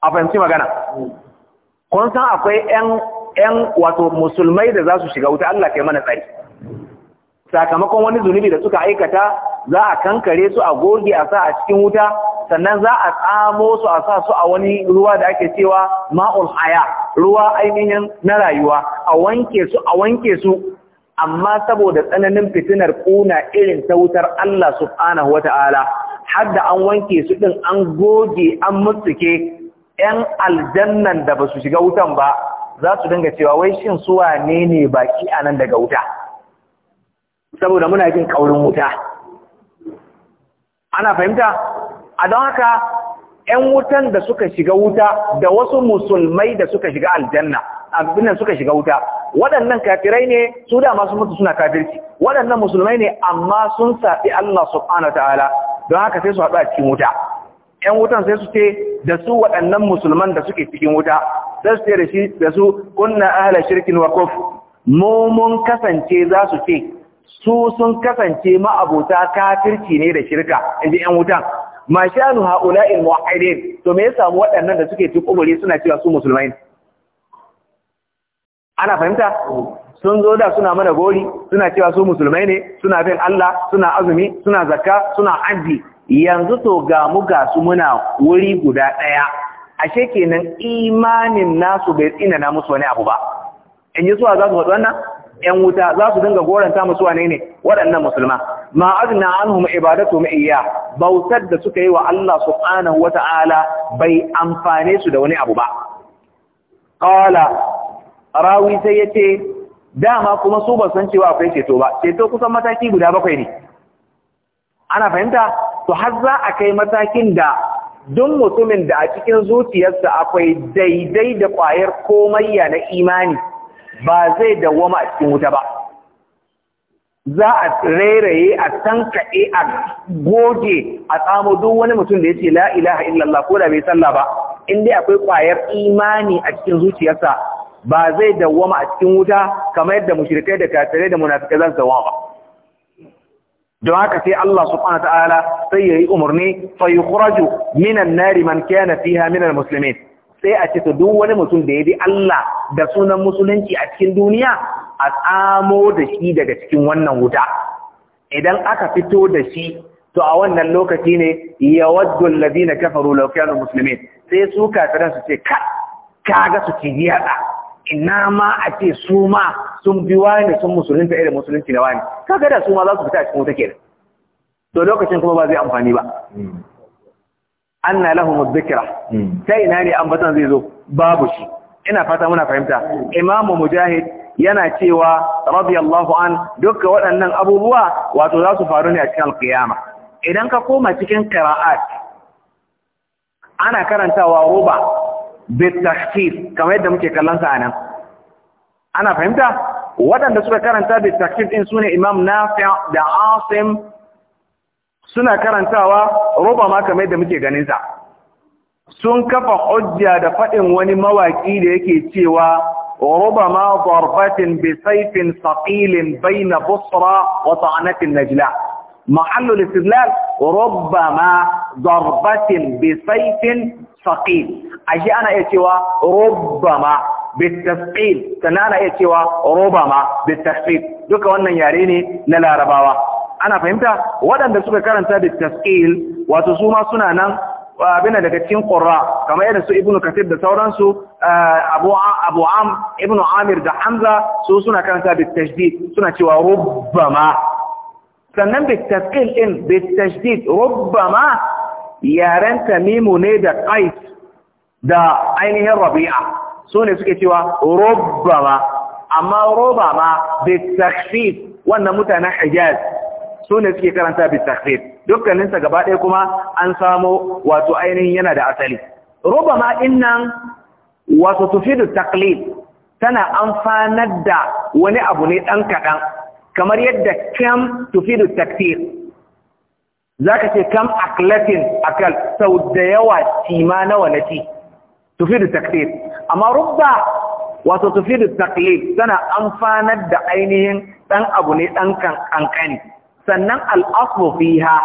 a fahimci magana kun san akwai ‘yan wato musulmai da za su shiga wuta Allah kai mana tsari sakamakon wani zunubi da suka aikata za a kankare su a goge a sa a cikin wuta sannan za a tsamo su a sa su a wani ruwa da ake cewa ma'ul haya ruwa ainihin na rayuwa a wanke su a wanke su amma saboda tsananin fitinar kuna irin ta wutar Allah subhanahu wata'ala har da an wanke su din an goge an mutsuke 'yan aljannan da ba su shiga wutan ba za su dinga cewa wai shin su wane ne baki anan daga wuta saboda muna jin kaurin wuta ana fahimta a don haka 'yan wutan da suka shiga wuta da wasu musulmai da suka shiga aljanna abin suka shiga wuta waɗannan kafirai ne su da masu mutu suna kafirci waɗannan musulmai ne amma sun saɓi Allah subhanahu ta'ala don haka sai su haɗu a cikin wuta ƴan wutan sai su ce da su waɗannan musulman da suke cikin wuta sai su ce da shi da su kunna ahla shirkin wa kuf mu kasance za su ce su sun kasance ma'abuta kafirci ne da shirka inji ƴan wutan ma shanu ha'ula'il mu'ahidin to me ya samu waɗannan da suke cikin kuburi suna cewa su musulmai ne ana fahimta sun zo da suna mana gori suna cewa su musulmai ne suna bin Allah suna azumi suna zakka suna aji yanzu to ga mu ga su muna wuri guda ɗaya ashe kenan imanin nasu bai tsina na musu wani abu ba in yi suwa za su faɗi wannan ‘yan wuta za su dinga goranta musu wane ne waɗannan musulma ma azna anhum ibadatu ma iya bautar da suka yi wa Allah subhanahu wata'ala bai amfane su da wani abu ba qala rawi sai ya ce dama kuma su ba san cewa akwai ceto ba ceto kusan mataki guda bakwai ne ana fahimta to har za a kai matakin da duk mutumin da a cikin zuciyarsa akwai daidai da ƙwayar komayya na imani ba zai dawwama a cikin wuta ba za a rairaye a tankaɗe a goge a tsamo duk wani mutum da ya ce la ilaha illallah ko da bai sallah ba in dai akwai kwayar imani a cikin zuciyarsa ba zai dawwama a cikin wuta kamar yadda mushrikai da kafirai da munafikai zan sawa ba don haka sai Allah subhanahu ta'ala sai yayi umarni fa yukhraju minan nari man kana fiha minal muslimin sai a ce duk wani mutum da ya bi Allah da sunan musulunci a cikin duniya a tsamo da shi daga cikin wannan wuta idan aka fito da shi to a wannan lokaci ne yawaddu alladhina kafaru law kanu muslimin sai su kafiran su ce ka kaga su ci yada ina ma a ce su ma sun bi wani sun musulunta irin musulunci na wani kaga da su ma za su fita a cikin wuta kenan to lokacin kuma ba zai amfani ba hmm. anna lahum muzikira sai hmm. ina ne ambatan zai zo babu shi ina fata muna fahimta imamu mujahid yana cewa radiyallahu an dukkan waɗannan abubuwa wato za su faru ne a cikin alƙiyama. idan ka koma cikin qira'at ana karantawa ruba bitashkif kamar yadda muke kallon sa anan ana fahimta waɗanda suka karanta bitashkif din sune imam nafi' da asim suna karantawa roba ma kamar yadda muke ganin sa sun kafa hujja da faɗin wani mawaki da yake cewa roba ma darbatin bi sayfin saqilin bayna busra wa ta'natin najla mahallu istidlal ربما ضربة بسيف ثقيل ashe ana iya cewa rubbama bitasqil sannan ana iya cewa rubbama bitasqil duka wannan yare ne na larabawa ana fahimta waɗanda suka karanta bitasqil wato su ma suna nan abin daga cikin qurra kamar yadda su ibnu Katib da sauransu eh, abu abu am ibnu amir da hamza su suna karanta bitashdid suna cewa rubbama sannan bitasqil din bitashdid rubbama yaren tamimu ne da qais da ainihin rabi'a su ne suke cewa roba amma roba ma bitakfif wannan mutanen hijaz su ne suke karanta bitakfif dukkaninsa gaba ɗaya kuma an samo wato ainihin yana da asali roba ma innan wato tufidu taklif tana amfanar da wani abu ne ɗan kaɗan kamar yadda kam tufidu takfir za ka ce kam aklatin akal sau da yawa cima nawa na ci tufidu taklif amma rubba wato tufidu taklif tana amfanar da ainihin dan abu ne dan kankani sannan al'aslu fiha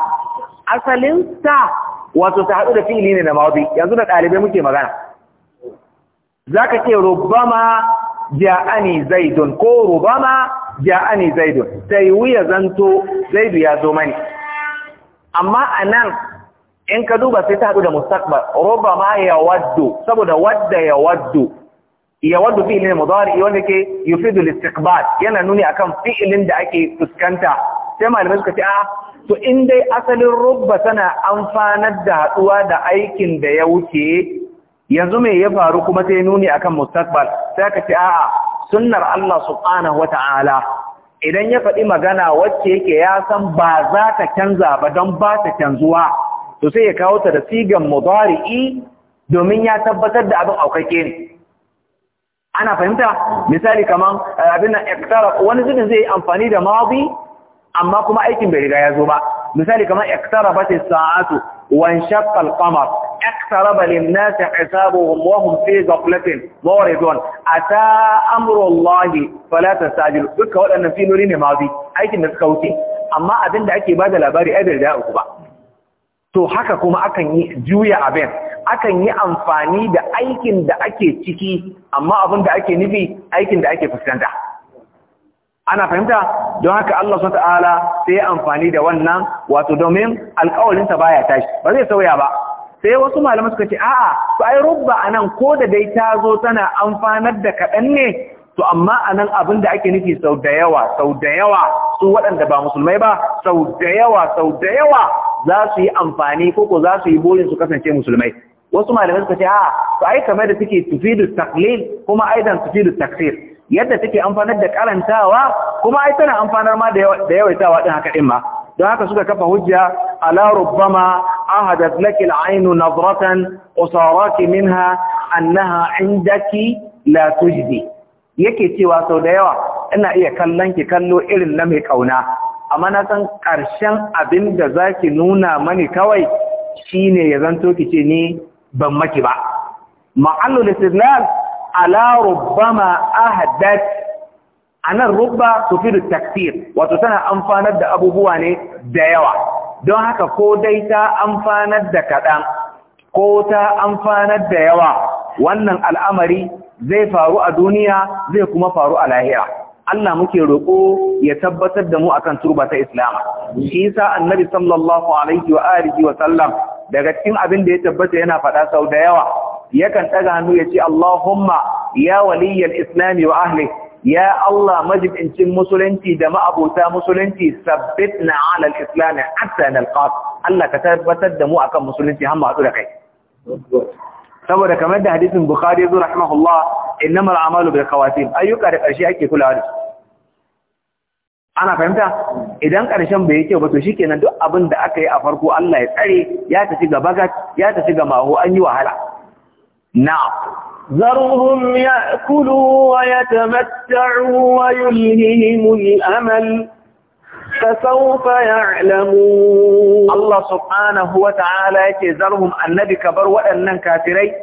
asalin ta wato ta hadu da fi'ili ne da mawdi yanzu da dalibai muke magana zaka ce rubbama ja'ani zaidun ko rubbama ja'ani zaidun sai wuya zanto zaidu ya zo mani amma anan in ka duba sai ta haɗu da mustaqbal roba ma ya waddu saboda wadda ya waddu ya waddu fi'ilin mudari wanda ke yufidu listiqbal yana nuni akan fi'ilin da ake fuskanta sai malamai suka ce a ah, to in dai asalin ruba tana amfanar da haɗuwa da aikin da ya wuce yanzu me ya faru kuma sai nuni akan mustaqbal sai ka ce a'a sunnar Allah subhanahu wata'ala idan ya faɗi magana wacce yake ya san ba za ta canza ba don ba ta canzuwa to sai ya kawo ta da sigan mudari'i domin ya tabbatar da abin aukake ne ana fahimta misali kaman eh, abin iktara wani zubin zai amfani da madi amma kuma aikin bai riga ya zo ba misali kaman iktara ba ta sa'atu wan shaqqa al-qamar iqtaraba lin-nas hisabuhum wa hum fi ghaflatin muridun ata amru allahi fala duka wadannan filori ne madi aikin da suka wuce amma abin da ake bada labari ai bai riga uku ba to haka kuma akan yi juya abin akan yi amfani da aikin da ake ciki amma abin da ake nufi aikin da ake fuskanta ana fahimta don haka Allah subhanahu ta'ala sai amfani da wannan wato domin alƙawarin ta baya tashi ba zai sauya ba sai wasu malamai suka ce a'a to ai rubba anan ko da dai ta zo tana amfanar da kaɗan ne to amma anan abin da ake nufi sau da yawa sau da yawa su waɗanda ba musulmai ba sau da yawa sau da yawa za su yi amfani ko ko za su yi burin su kasance musulmai wasu malamai suka ce a to ai kamar da take tufidu taqlil kuma aidan tufidu taksir yadda take amfanar da karantawa kuma ai tana amfanar ma da yawaitawa din haka din ma don haka suka kafa hujja ala rubbama ahadat laki al'ainu nadratan usaraki minha annaha indaki la tujdi yake cewa sau da yawa ina iya kallon ki kallo irin na mai kauna amma na san ƙarshen abin da za ki nuna mani kawai shi ne ya zanto ki ce ni ban maki ba ma'allul istidlal ala rubbama a nan rubba tufidu takfir wato tana amfanar da abubuwa ne da yawa don haka ko dai ta amfanar da kaɗan ko ta amfanar da yawa wannan al'amari zai faru a duniya zai kuma faru a lahira Allah muke roƙo ya tabbatar da mu akan turba ta Islam shi yasa annabi sallallahu alaihi wa alihi wa sallam daga cikin abin da ya tabbata yana faɗa sau da yawa yakan ɗaga hannu ya ce Allahumma ya waliyyal islami wa ahli ya Allah majibincin musulunci da ma'abota musulunci sabbitna ala al-islam hatta nalqak Allah ka tabbatar da mu akan musulunci har mu haɗu da kai saboda kamar da hadisin bukhari zuwa rahimahullah innamal a'malu bil khawatim ayyuka da karshe ake kulawa da ana fahimta idan karshen bai yi kyau ba to shikenan duk abin da aka yi a farko Allah ya tsare ya tafi ga bagat ya tafi ga maho an yi wahala na'am ذرهم يأكلوا ويتمتعوا ويلههم الأمل فسوف يعلمون الله سبحانه وتعالى يتذرهم النبي كبر ya كافري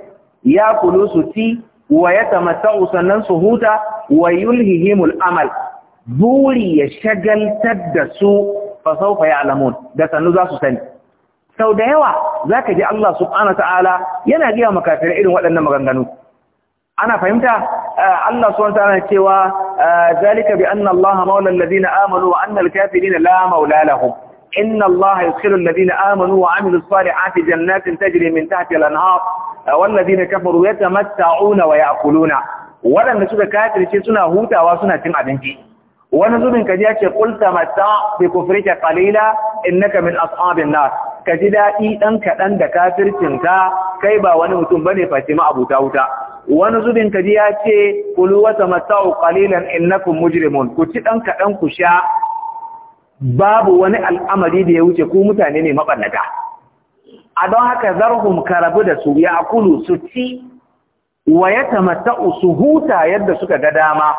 يأكلوا ستي ويتمتعوا سنن سهوتا ويلههم الأمل buri ya shagaltar da su fa saufa ya'lamun da sannu za su sani sau da yawa zaka ji Allah subhanahu ta'ala yana ga makafirai irin waɗannan maganganu ana fahimta Allah subhanahu ta'ala cewa ah, zalika bi anna Allah maula alladhina amanu wa anna al-kafirina la maula lahum inna Allah yudkhilu alladhina amanu wa amilus salihati jannatin tajri min tahtiha al-anhar والذين كفروا يتمتعون ويأكلون waɗanda suka kafirce suna hutawa suna cin abinci wani zubin kaji ya ce kulta mata bi kufrika qalila innaka min ashabin nar kaji daɗi dan kaɗan da kafircin ka kai ba wani mutum bane face ma abuta wuta wani zubin kaji ya ce kulu wata mata'u qalilan innakum mujrimun ku ci dan kaɗan ku sha babu wani al'amari da ya wuce ku mutane ne mabannata a don haka zarhum rabu da su ya Kulu su ci wa yatamatta'u su huta yadda suka ga dama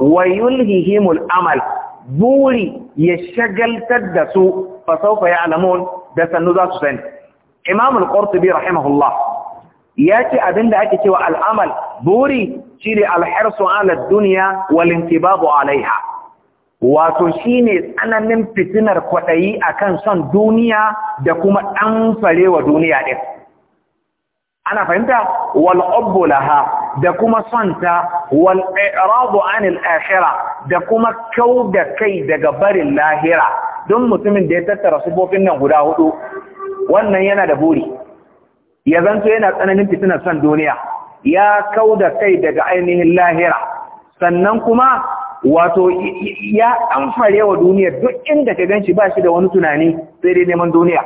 wa yulhihimul amal buri ya shagaltar da su fa sawfa ya'lamun da sannu za su sani imam qurtubi rahimahullah ya ce abin da ake cewa al'amal buri shi ne alharsu ala duniya babu alaiha wato shi ne tsananin fitinar kwaɗayi akan son duniya da kuma ɗan farewa duniya ɗin ana fahimta wal laha da kuma sonta wal'irabu anil ashira da kuma kyau da kai daga barin lahira don mutumin da ya tattara sufofin nan guda hudu wannan yana da buri ya zanto yana tsananin fitinar san duniya ya kau da kai daga ainihin lahira sannan kuma wato ya amfare wa duniya duk inda ka ganshi ba shi da wani tunani sai dai neman duniya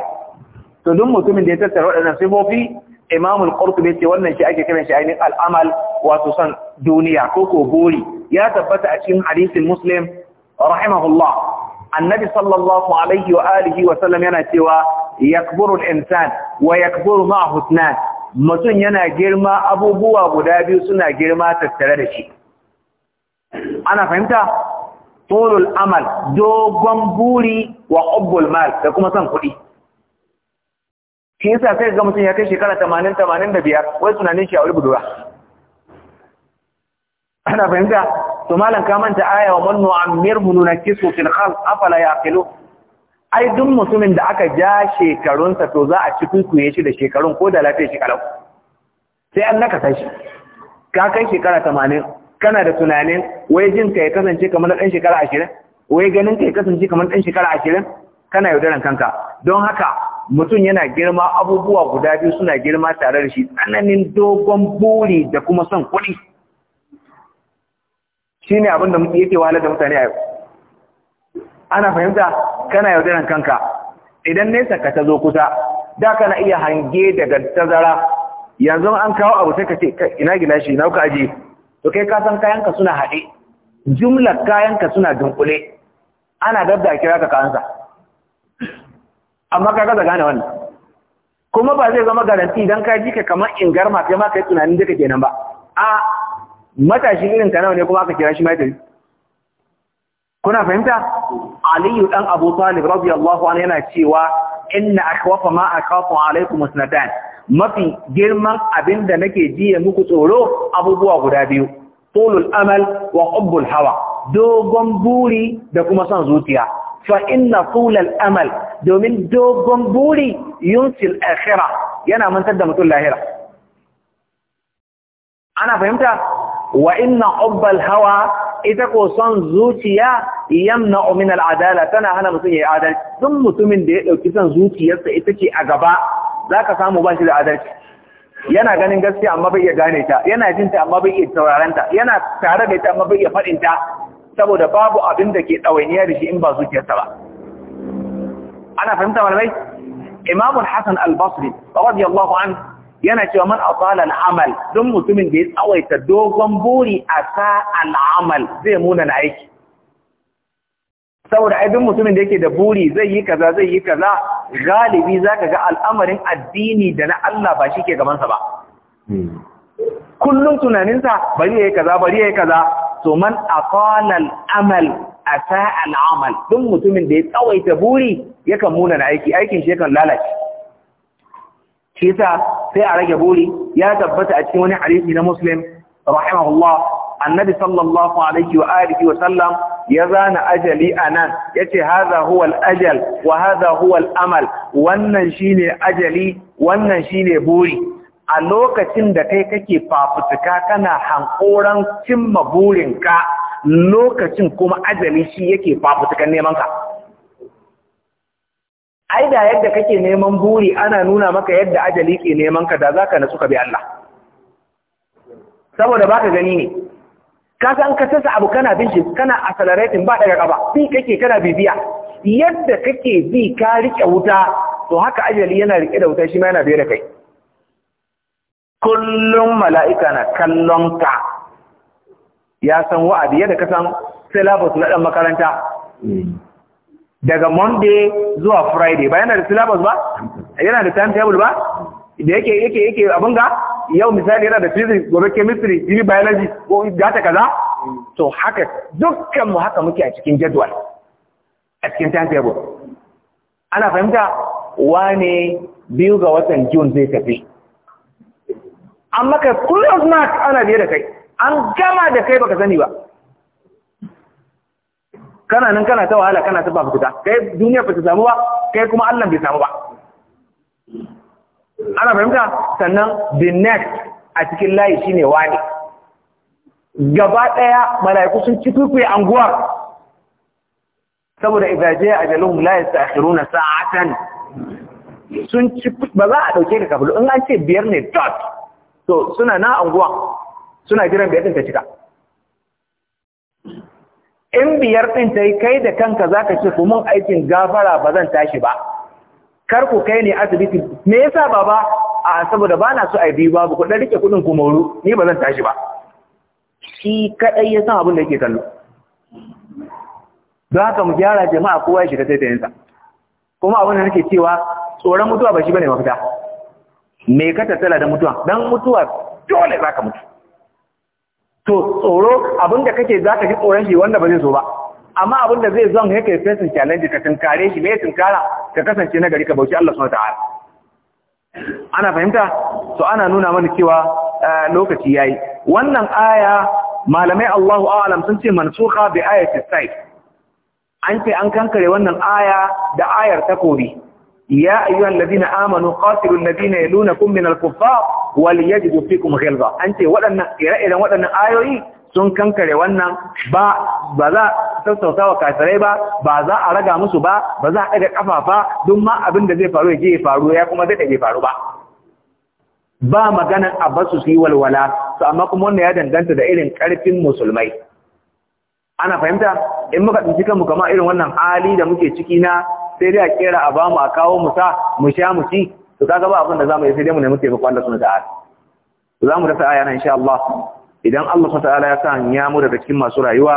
to duk mutumin da ya tattara waɗannan sifofi imamul al-qurtubi ce wannan shi ake kiran shi ainihin al'amal wato san duniya ko ko buri ya tabbata a cikin hadisin muslim rahimahullah annabi sallallahu alaihi wa alihi wa sallam yana cewa yakburu al-insan wa yakburu ma husnan mutum yana girma abubuwa guda biyu suna girma tattare da shi ana fahimta tulul amal dogon buri wa hubbul mal da kuma son kuɗi shi yasa sai ga mutum ya kai shekara 80 85 wai tunanin shi a wuri budura ana fahimta to malam ka manta aya wa mannu amirhu nunakisu fil khalq afala yaqilu ai duk mutumin da aka ja shekarunsa to za a ci kukuye shi da shekarun ko da lafiya shi kalau sai an naka sai ka kai shekara 80 kana da tunanin wai jin ka ya kasance kamar dan shekara 20 wai ganin ka ya kasance kamar dan shekara 20 kana yaudaran kanka don haka mutum yana girma abubuwa guda biyu suna girma tare da shi tsananin dogon buri da kuma son kuɗi ne abin da yake wahalar da mutane a yau ana fahimta kana yaudaran kanka idan nesa ka ta zo kusa da kana iya hange daga tazara yanzu an kawo abu sai ka ce ina shi, na ka aje to kai ka san kayanka suna haɗe jumlar kayanka suna dunkule ana dabda kira ka kansa amma ka da gane wannan kuma ba zai zama garanti idan ka ji ka kamar ingarma kai ma kai tunanin duka nan ba a matashi irin ka nawa ne kuma aka kira shi mai kuna fahimta aliyu dan abu talib radiyallahu anhu yana cewa inna akhwafa ma akhafu alaikum sunatan mafi girman abinda nake jiya muku tsoro abubuwa guda biyu tulul amal wa hubbul hawa dogon buri da kuma son zuciya fa inna tulul amal domin dogon buri yunsil akhira yana mantar da mutum lahira ana fahimta wa inna ubbal hawa ita ko son zuciya yamna min al'adala tana hana mutum yayi adalci duk mutumin da ya dauki son zuciyarsa ita ce a gaba zaka samu ba shi da adalci yana ganin gaskiya amma bai iya gane ta yana jin ta amma bai iya tauraron ta yana tare da ita amma bai iya fadin ta saboda babu abin da ke dawainiya da shi in ba zuciyarsa ba ana fahimta malamai imamul hasan al-basri radiyallahu anhu yana cewa man asala al'amal don mutumin da ya tsawaita dogon buri a sa al'amal zai muna na aiki saboda ai mutumin da yake da buri zai yi kaza zai yi kaza galibi zaka ga al'amarin addini da na Allah ba shi ke gabansa ba kullum tunaninsa bari yayi kaza bari yayi kaza to man aqala al'amal asa al'amal duk mutumin da ya tsawaita buri yakan muna na aiki aikin shi yakan lalace shi yasa sai a rage buri ya tabbata a cikin wani hadisi na muslim rahimahullah annabi sallallahu alaihi wa alihi wa sallam ya zana ajali anan yace hadha huwa al-ajal wa hadha huwa al-amal wannan shine ajali wannan shine buri a lokacin da kai kake fafutuka kana hankoran cimma burinka lokacin kuma ajali shi yake fafutukan neman ka ai da yadda kake neman buri ana nuna maka yadda ajali ke neman ka da za zaka nasu ka bi Allah saboda baka gani ne ka san ka sasa abu kana bin shi kana accelerating ba daga gaba bi kake kana bibiya yadda kake bi ka rike wuta to haka ajali yana rike da wuta shi ma yana biye da kai kullum mala'ika na kallon ka ya san wa'adi yadda ka san syllabus na dan makaranta hmm. daga monday zuwa friday ba yana da syllabus ba yana da timetable ba da yake yake yake abin ga yau misali yana da physics gobe chemistry jini biology ko data kaza to haka dukkan mu haka muke a cikin jadwal a cikin timetable ana fahimta wane biyu ga watan june zai tafi amma kai kullum na ana biye da kai an gama da kai baka sani ba kana nan kana ta wahala kana ta ba fita kai duniya ba ta samu ba kai kuma Allah bai samu ba ana fahimta sannan the next a cikin layi shine wani gaba daya malaiku sun ci kuikuye anguwar saboda idaje ajaluhum la yastakhiruna sa'atan sun ci ba za a dauke ka kafulu in an ce biyar ne dot to suna na anguwa suna jiran biyar din ta cika in biyar ɗin ta yi kai da kanka za ka ce ku mun aikin gafara ba zan tashi ba kar ku kai ne asibiti me yasa baba a saboda ba na so a biyu babu ku ɗan rike kuɗin ku moru ni ba zan tashi ba shi kaɗai ya san abin da yake kallo Za ka mu gyara jama'a kowa ya shiga taitayinsa kuma abin da nake cewa tsoron mutuwa ba shi bane mafita me ka tattala da mutuwa dan mutuwa dole za ka mutu to tsoro abinda kake za ka fi tsoron shi wanda ba zai so ba amma abinda zai zon ya kai fesin challenge ka tunkare shi mai tunkara ka kasance na gari ka bauchi Allah subhanahu ta'ala ana fahimta to ana nuna mana cewa eh, lokaci yayi wannan aya malamai Allahu a'lam sun ce mansuha bi ayati sayf an ce an kankare wannan aya da ayar takobi ya ayyuhal ladina amanu qatilul ladina yalunakum minal kuffar wal yajidu fikum Helva. an ce waɗannan ire-iren waɗannan ayoyi sun kankare wannan ba ba za sassauta wa kafirai ba ba za a raga musu ba ba za a daga kafafa don ma abin da zai faru ya je ya faru ya kuma zai dage faru ba ba maganan a basu su yi walwala su amma kuma wannan ya danganta da irin karfin musulmai ana fahimta in muka tsinci kanmu kamar irin wannan hali da muke ciki na sai dai a kera a bamu a kawo mu mu sha mu ci to kaga ba abin da zamu yi sai dai mu nemi taimako Allah subhanahu wataala za mu rasa aya na insha Allah idan Allah subhanahu wataala ya sa ya mu daga cikin masu rayuwa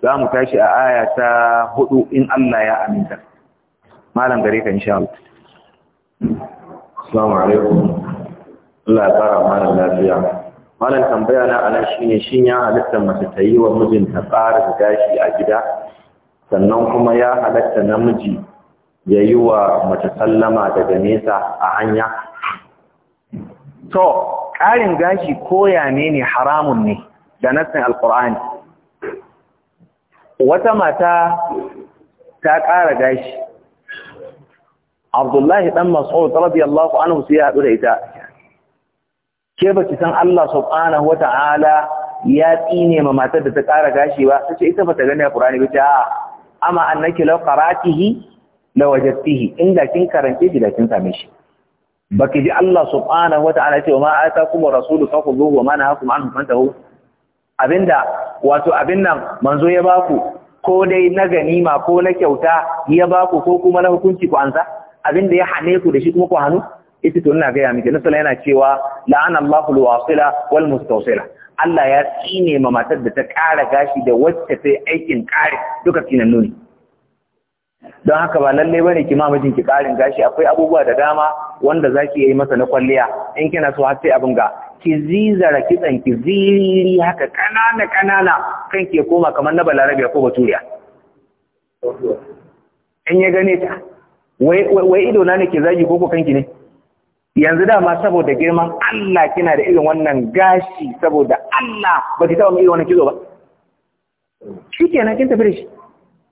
za mu tashi a aya ta hudu in Allah ya aminta malam gare ka insha Allah assalamu alaikum Allah ya fara malam lafiya malam tambaya na anan shine shin ya halitta mace ta yi wa mijinta tsara gashi a gida sannan kuma ya halatta namiji ya yi wa mace sallama daga nesa a hanya to ƙarin gashi koya ne ne haramun ne da nassin alkur'ani wata mata ta ƙara gashi abdullahi ɗan mas'ud radiyallahu anhu sai ya haɗu da ita ke ba san Allah subhanahu wa ta'ala ya tsine ma matar da ta ƙara gashi ba ta ce ita ba ta gani a ƙurani ba ta amma annaki lau qara'atihi la wajadtihi inda kin karanci shi da kin same shi baki ji Allah subhanahu wata'ala ce ma atakum rasulu fakhuduhu wa ma nahakum anhu fantahu abinda wato abin nan manzo ya baku ko dai na ganima ko na kyauta ya baku ko kuma na hukunci ku ansa abinda ya hane ku da shi kuma ku hanu ita to ina ga ya miki nasala yana cewa la'ana Allahu al-wasila wal mustawsila Allah ya tsine ma matar da ta kara gashi da wacce ta aikin ƙare duka tinan nuni don haka ba lalle ne ki mamajin ki karin gashi akwai abubuwa da dama wanda zaki yi masa na kwalliya in kina so har sai abin ga ki zizara kitsan ki ziriri haka kanana kanana kan ke koma kamar na balarabe ko baturiya in ya gane ta wai ido na nake zagi ko kanki ne yanzu dama saboda girman Allah kina da irin wannan gashi saboda Allah ba ki taba mu irin wannan kizo ba shikenan kin tafi da shi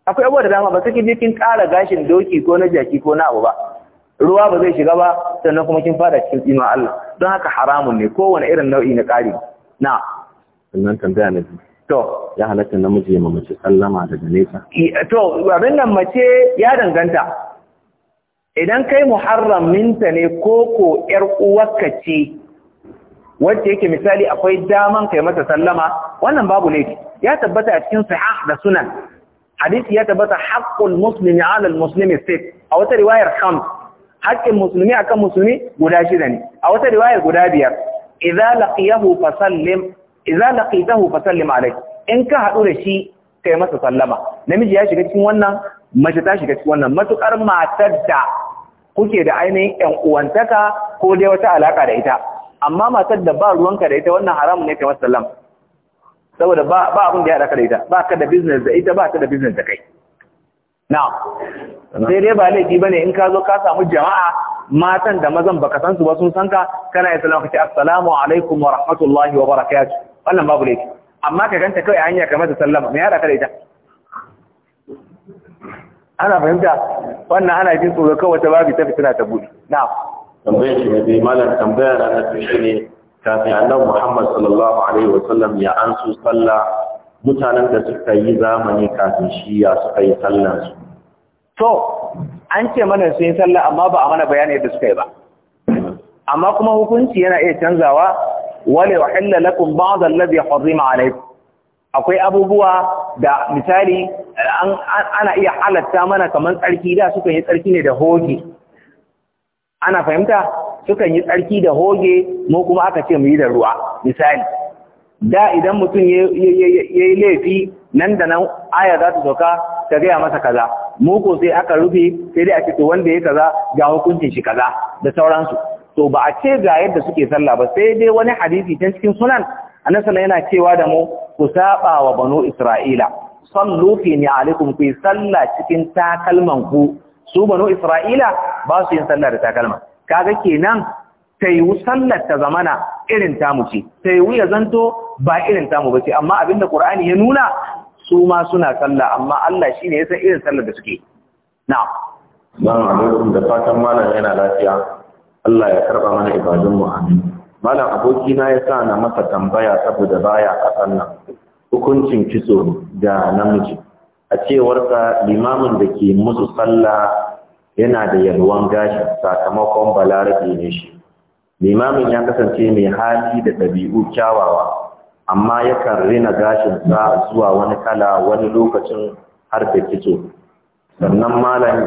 akwai abuwa da dama ba suke je kin ƙara gashin doki ko na jaki ko na abu ba ruwa ba zai shiga ba sannan kuma kin fara cikin tsino Allah don haka haramun ne kowane irin nau'i na ƙari na sannan tambaya na biyu to ya halatta namiji ya mace sallama daga nesa to abin nan mace ya danganta idan kai muharraminta ne ko ko yar uwarka ce wacce yake misali akwai daman kai mata sallama wannan babu laifi ya tabbata a cikin sahih da sunan hadisi ya tabbata haqqul muslimi 'ala al-muslimi sit a wata riwayar khams Haƙƙin muslimi akan musulmi guda shida ne a wata riwayar guda biyar idza laqiyahu fasallim idza laqitahu fasallim alayhi in ka hadu da shi kai masa sallama namiji ya shiga cikin wannan mace ta shiga cikin wannan matukar matar da kuke da ainihin ƴan uwantaka ko dai wata alaka da ita amma matar da ba ruwanka da ita wannan haramun ne kai masa sallama saboda ba abin da ya haɗa da ita ba ka da business da ita ba ka da business da kai na sai dai ba laifi ba ne in ka zo ka samu jama'a matan da mazan baka san su ba sun san ka kana yi salama ka assalamu alaikum wa rahmatullahi wa barakatu wannan babu laifi amma ka ganta kawai hanya kamar ta sallama me ya haɗa ita ana fahimta wannan ana jin tsoro kawai ta babu ta fitina ta buɗe na tambayar shi ne malam tambayar ana tushe ne kafin annabi Muhammad sallallahu alaihi wasallam ya ansu sallah mutanen da suka yi zamani kafin shiya suka yi sallansu. To, an ce mana sun yi sallah amma ba a mana bayani da suka yi ba. Amma kuma hukunci yana iya canzawa, wale wa hilla lakum ba'd allazi harrima alaykum. Akwai abubuwa da misali ana iya halatta mana kamar tsarki da suka yi tsarki ne da hoji. ana fahimta sukan yi tsarki da hoge mu kuma aka ce mu yi da ruwa misali da idan mutum ya yi laifi nan da nan aya za ta sauka ta gaya masa kaza mu ko sai aka rufe sai dai a ce to wanda ya kaza ga hukuncin shi kaza da sauransu to ba a ce ga yadda suke sallah ba sai dai wani hadisi can cikin sunan annabi yana cewa da mu ku saba wa banu isra'ila sallu fi ni'alikum ku sallah cikin takalman ku su bano isra'ila ba su yin sallah da takalma kaga kenan yi sallar ta zamana irin tamu ce yi ya zanto ba irin tamu ba ce amma abinda qur'ani ya nuna su ma suna sallah amma Allah shi ne ya san irin sallar da suke na'am Zan alaikun da fatan malam yana lafiya Allah ya karɓa mana ibadun mu amin malam abokina ya sa na masa tambaya saboda baya a nan hukuncin kitso da namiji a cewarsa limamin da ke musu sallah yana da yalwan gashi sakamakon balarabe ne shi limamin ya kasance mai hali da ɗabi'u kyawawa amma yakan rina gashinsa zuwa wani kala wani lokacin har da sannan malam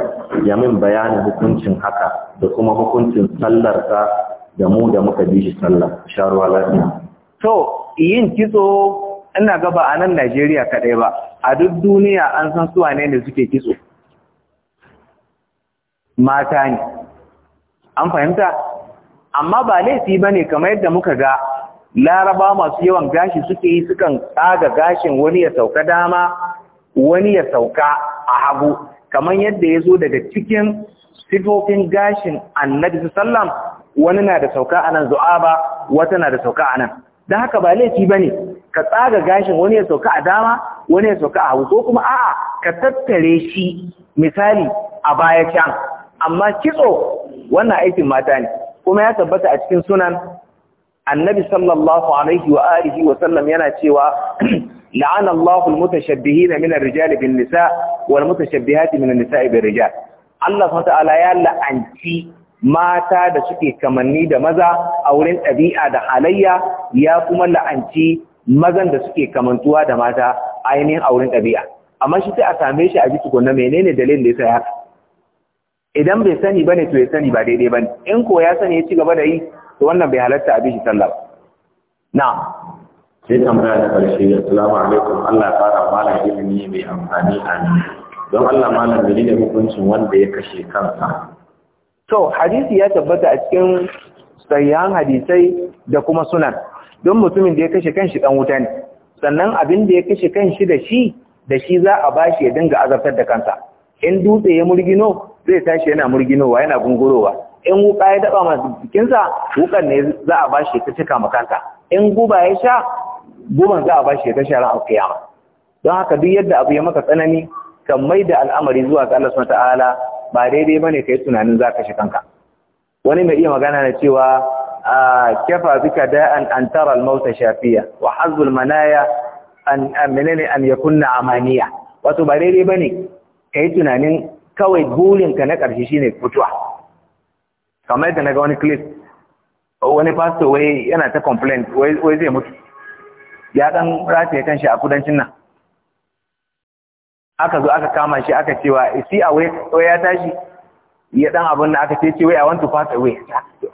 ya min bayanin hukuncin haka da kuma hukuncin sallarsa da mu da muka bi shi sallar sharuwa lafiya to yin kitso ina gaba ba a nan Najeriya kaɗai ba a duk duniya an san suwa ne da suke kitso mata ne an fahimta amma ba laifi ba ne kamar yadda muka ga laraba masu yawan gashi suke yi sukan tsaga gashin wani ya sauka dama wani ya sauka a hagu kamar yadda ya zo daga cikin sifofin gashin annabi sallam wani na da sauka a nan zu'aba wata na da sauka a nan don haka ba laifi ba ne ka tsaga gashin wani ya sauka a dama wani ya sauka a hagu ko kuma a'a ka tattare shi misali a baya can amma kitso wannan aikin mata ne kuma ya tabbata a cikin sunan annabi sallallahu alaihi wa alihi wa sallam yana cewa la'ana Allahu al-mutashabbihina min ar-rijali bin nisa wal mutashabbihati min an-nisa'i bir rijal Allah subhanahu wa ta'ala ya la'anci mata da suke kamanni da maza a wurin ɗabi'a da halayya ya kuma la'anci mazan da suke kamantuwa da mata ainihin auren ɗabi'a amma shi sai a same shi a ji tukunna menene dalilin da ya sa haka idan bai sani ba ne, to ya sani ba daidai ne. in ko ya sani ya ci gaba da yi to wannan bai halatta abin shi sallah ba Na. sai tambaya da karshe assalamu alaikum Allah ya fara malam ilimi mai amfani a ni, don Allah malam bai da hukuncin wanda ya kashe kansa to hadisi ya tabbata a cikin sayan hadisai da kuma sunan don mutumin da ya kashe kanshi dan wuta ne sannan abin da ya kashe kanshi da shi da shi za a bashi ya dinga azabtar da kansa in dutse ya murgino zai tashi yana murginowa yana gungurowa in wuka ya daba masu jikinsa wukan ne za a bashi ya cika makanta in guba ya sha guban za a bashi ya shara ran kiyama don haka duk yadda abu ya maka tsanani kan mai da al'amari zuwa ga Allah subhanahu ta'ala ba daidai bane kai tunanin za ka shi kanka wani mai iya magana na cewa كفى بك داء أن ترى الموت شافية وحظ المنايا أن أمنني أن يكون عمانية وتبريري بني كيتنا من كويت بولين كانك أرشيشيني فتوح kamar يتنا na ga wani clip wani أنا wai yana ta complaint wai zai mutu ya dan rataye kanshi a kudancin nan aka zo aka kama shi aka cewa isi a to ya tashi ya dan abin da aka ce ce wai I want to pass away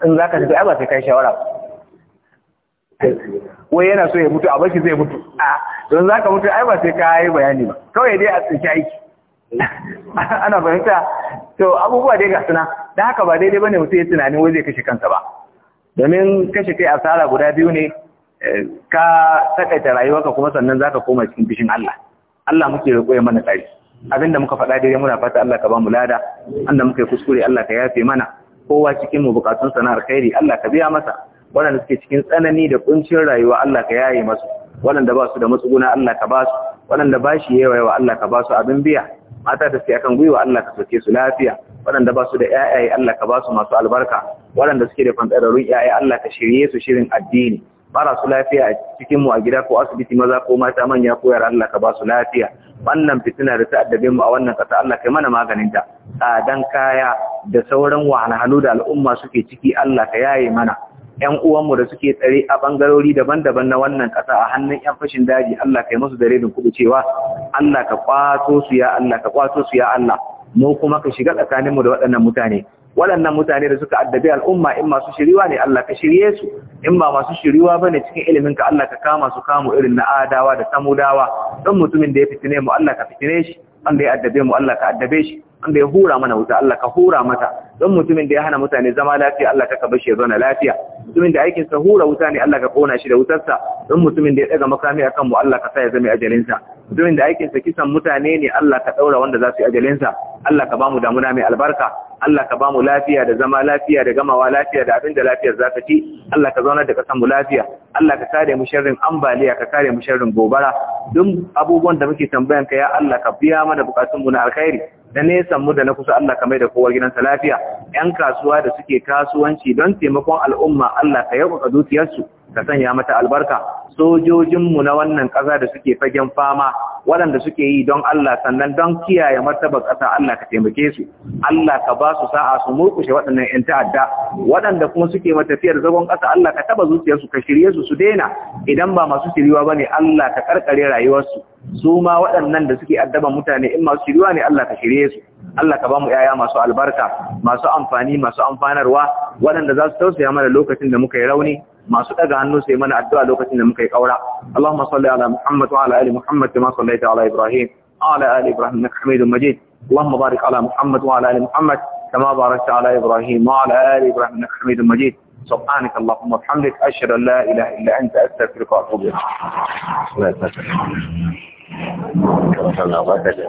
in zaka tafi ai ba sai kai shawara wai yana so ya mutu a bashi zai mutu a don zaka mutu ai ba sai ka yi bayani ba kawai dai a tsinci aiki ana fahimta to abubuwa dai ga suna da haka ba daidai bane mutum ya tunanin wai zai kashe kansa ba domin kashe kai asara guda biyu ne eh, ka takaita rayuwarka kuma sannan zaka koma cikin bishin Allah Allah muke roƙo ya mana tsari abinda muka faɗa daidai muna fata Allah ka ba mu lada anda muka yi kuskure Allah ka yafe mana kowa cikin mu bukatun sana'ar kairi Allah ka biya masa waɗanda suke cikin tsanani da kuncin rayuwa Allah ka yaye masu waɗanda ba su da matsuguna Allah ka ba su waɗanda ba shi yawa yawa Allah ka ba su abin biya mata da suke akan gwiwa Allah ka soke su lafiya waɗanda ba su da ƴaƴaye Allah ka ba su masu albarka waɗanda suke da fantsararrun 'ya'ya Allah ka shirye su shirin addini su lafiya a cikin mu a gida ko asibiti maza ko mata manya ko yara Allah ka ba su lafiya wannan fitina da ta addabe mu a wannan kasa Allah kai mana maganin ta tsadan kaya da sauran wahalhalu da al'umma suke ciki Allah ka yaye mana ƴan uwanmu da suke tsare a bangarori daban-daban na wannan kasa a hannun ƴan fashin daji Allah kai musu da kudu cewa Allah ka kwato su ya Allah ka kwato su ya Allah mu kuma ka shiga tsakaninmu da waɗannan mutane waɗannan mutane da suka addabi al'umma in masu shiriwa ne Allah ka shirye su in ba masu shiriwa ba ne cikin ilimin ka Allah ka kama su kamo irin na adawa da samudawa don mutumin da ya fitine mu Allah ka fitine shi wanda ya addabe mu Allah ka addabe shi wanda ya hura mana wuta Allah ka hura mata don mutumin da ya hana mutane zama lafiya Allah ka ka shi ya zauna lafiya mutumin da aikin sa hura wuta ne Allah ka kona shi da wutarsa don mutumin da ya daga makami akan mu Allah ka sa ya zama ajalinsa mutumin da aikin sa kisan mutane ne Allah ka daura wanda za su yi ajalinsa Allah ka ba mu damuna mai albarka Allah ka ba mu lafiya da zama lafiya da gamawa lafiya da abin da lafiyar za ta ci Allah ka zaunar da kasan mu lafiya Allah ka kare mu sharrin ambaliya ka kare mu sharrin gobara duk abubuwan da muke tambayan ka ya Allah ka biya mana bukatun mu na alkhairi da nesan mu da na kusa Allah ka mai da kowa gidansa lafiya yan kasuwa da suke kasuwanci don taimakon al'umma Allah ka ka dukiyarsu ka sanya mata albarka sojojinmu na wannan ƙasa da suke fagen fama waɗanda suke yi don Allah sannan don kiyaye martabar ƙasa Allah ka taimake su Allah ka ba su sa'a su murkushe waɗannan 'yan ta'adda waɗanda kuma suke tafiyar zagon ƙasa Allah ka taba zuciyarsu ka shirye su su daina idan ba masu shiriwa bane Allah ka karkare rayuwarsu su ma waɗannan da suke addaban mutane in masu shiriwa ne Allah ka shirye su Allah ka ba mu yaya masu albarka masu amfani masu amfanarwa waɗanda za su tausaya mana lokacin da muka yi rauni masu daga hannu sai mana addu'a lokacin da muka yi kaura Allahumma salli ala Muhammad wa ala ali Muhammad kama sallaita ala Ibrahim wa ala ali Ibrahim innaka Hamidum Majid Allahumma barik ala Muhammad wa ala ali Muhammad kama barakta ala Ibrahim wa ala ali Ibrahim innaka Hamidum Majid سبحانك اللهم وبحمدك اشهد ان لا اله الا انت استغفرك واتوب اليك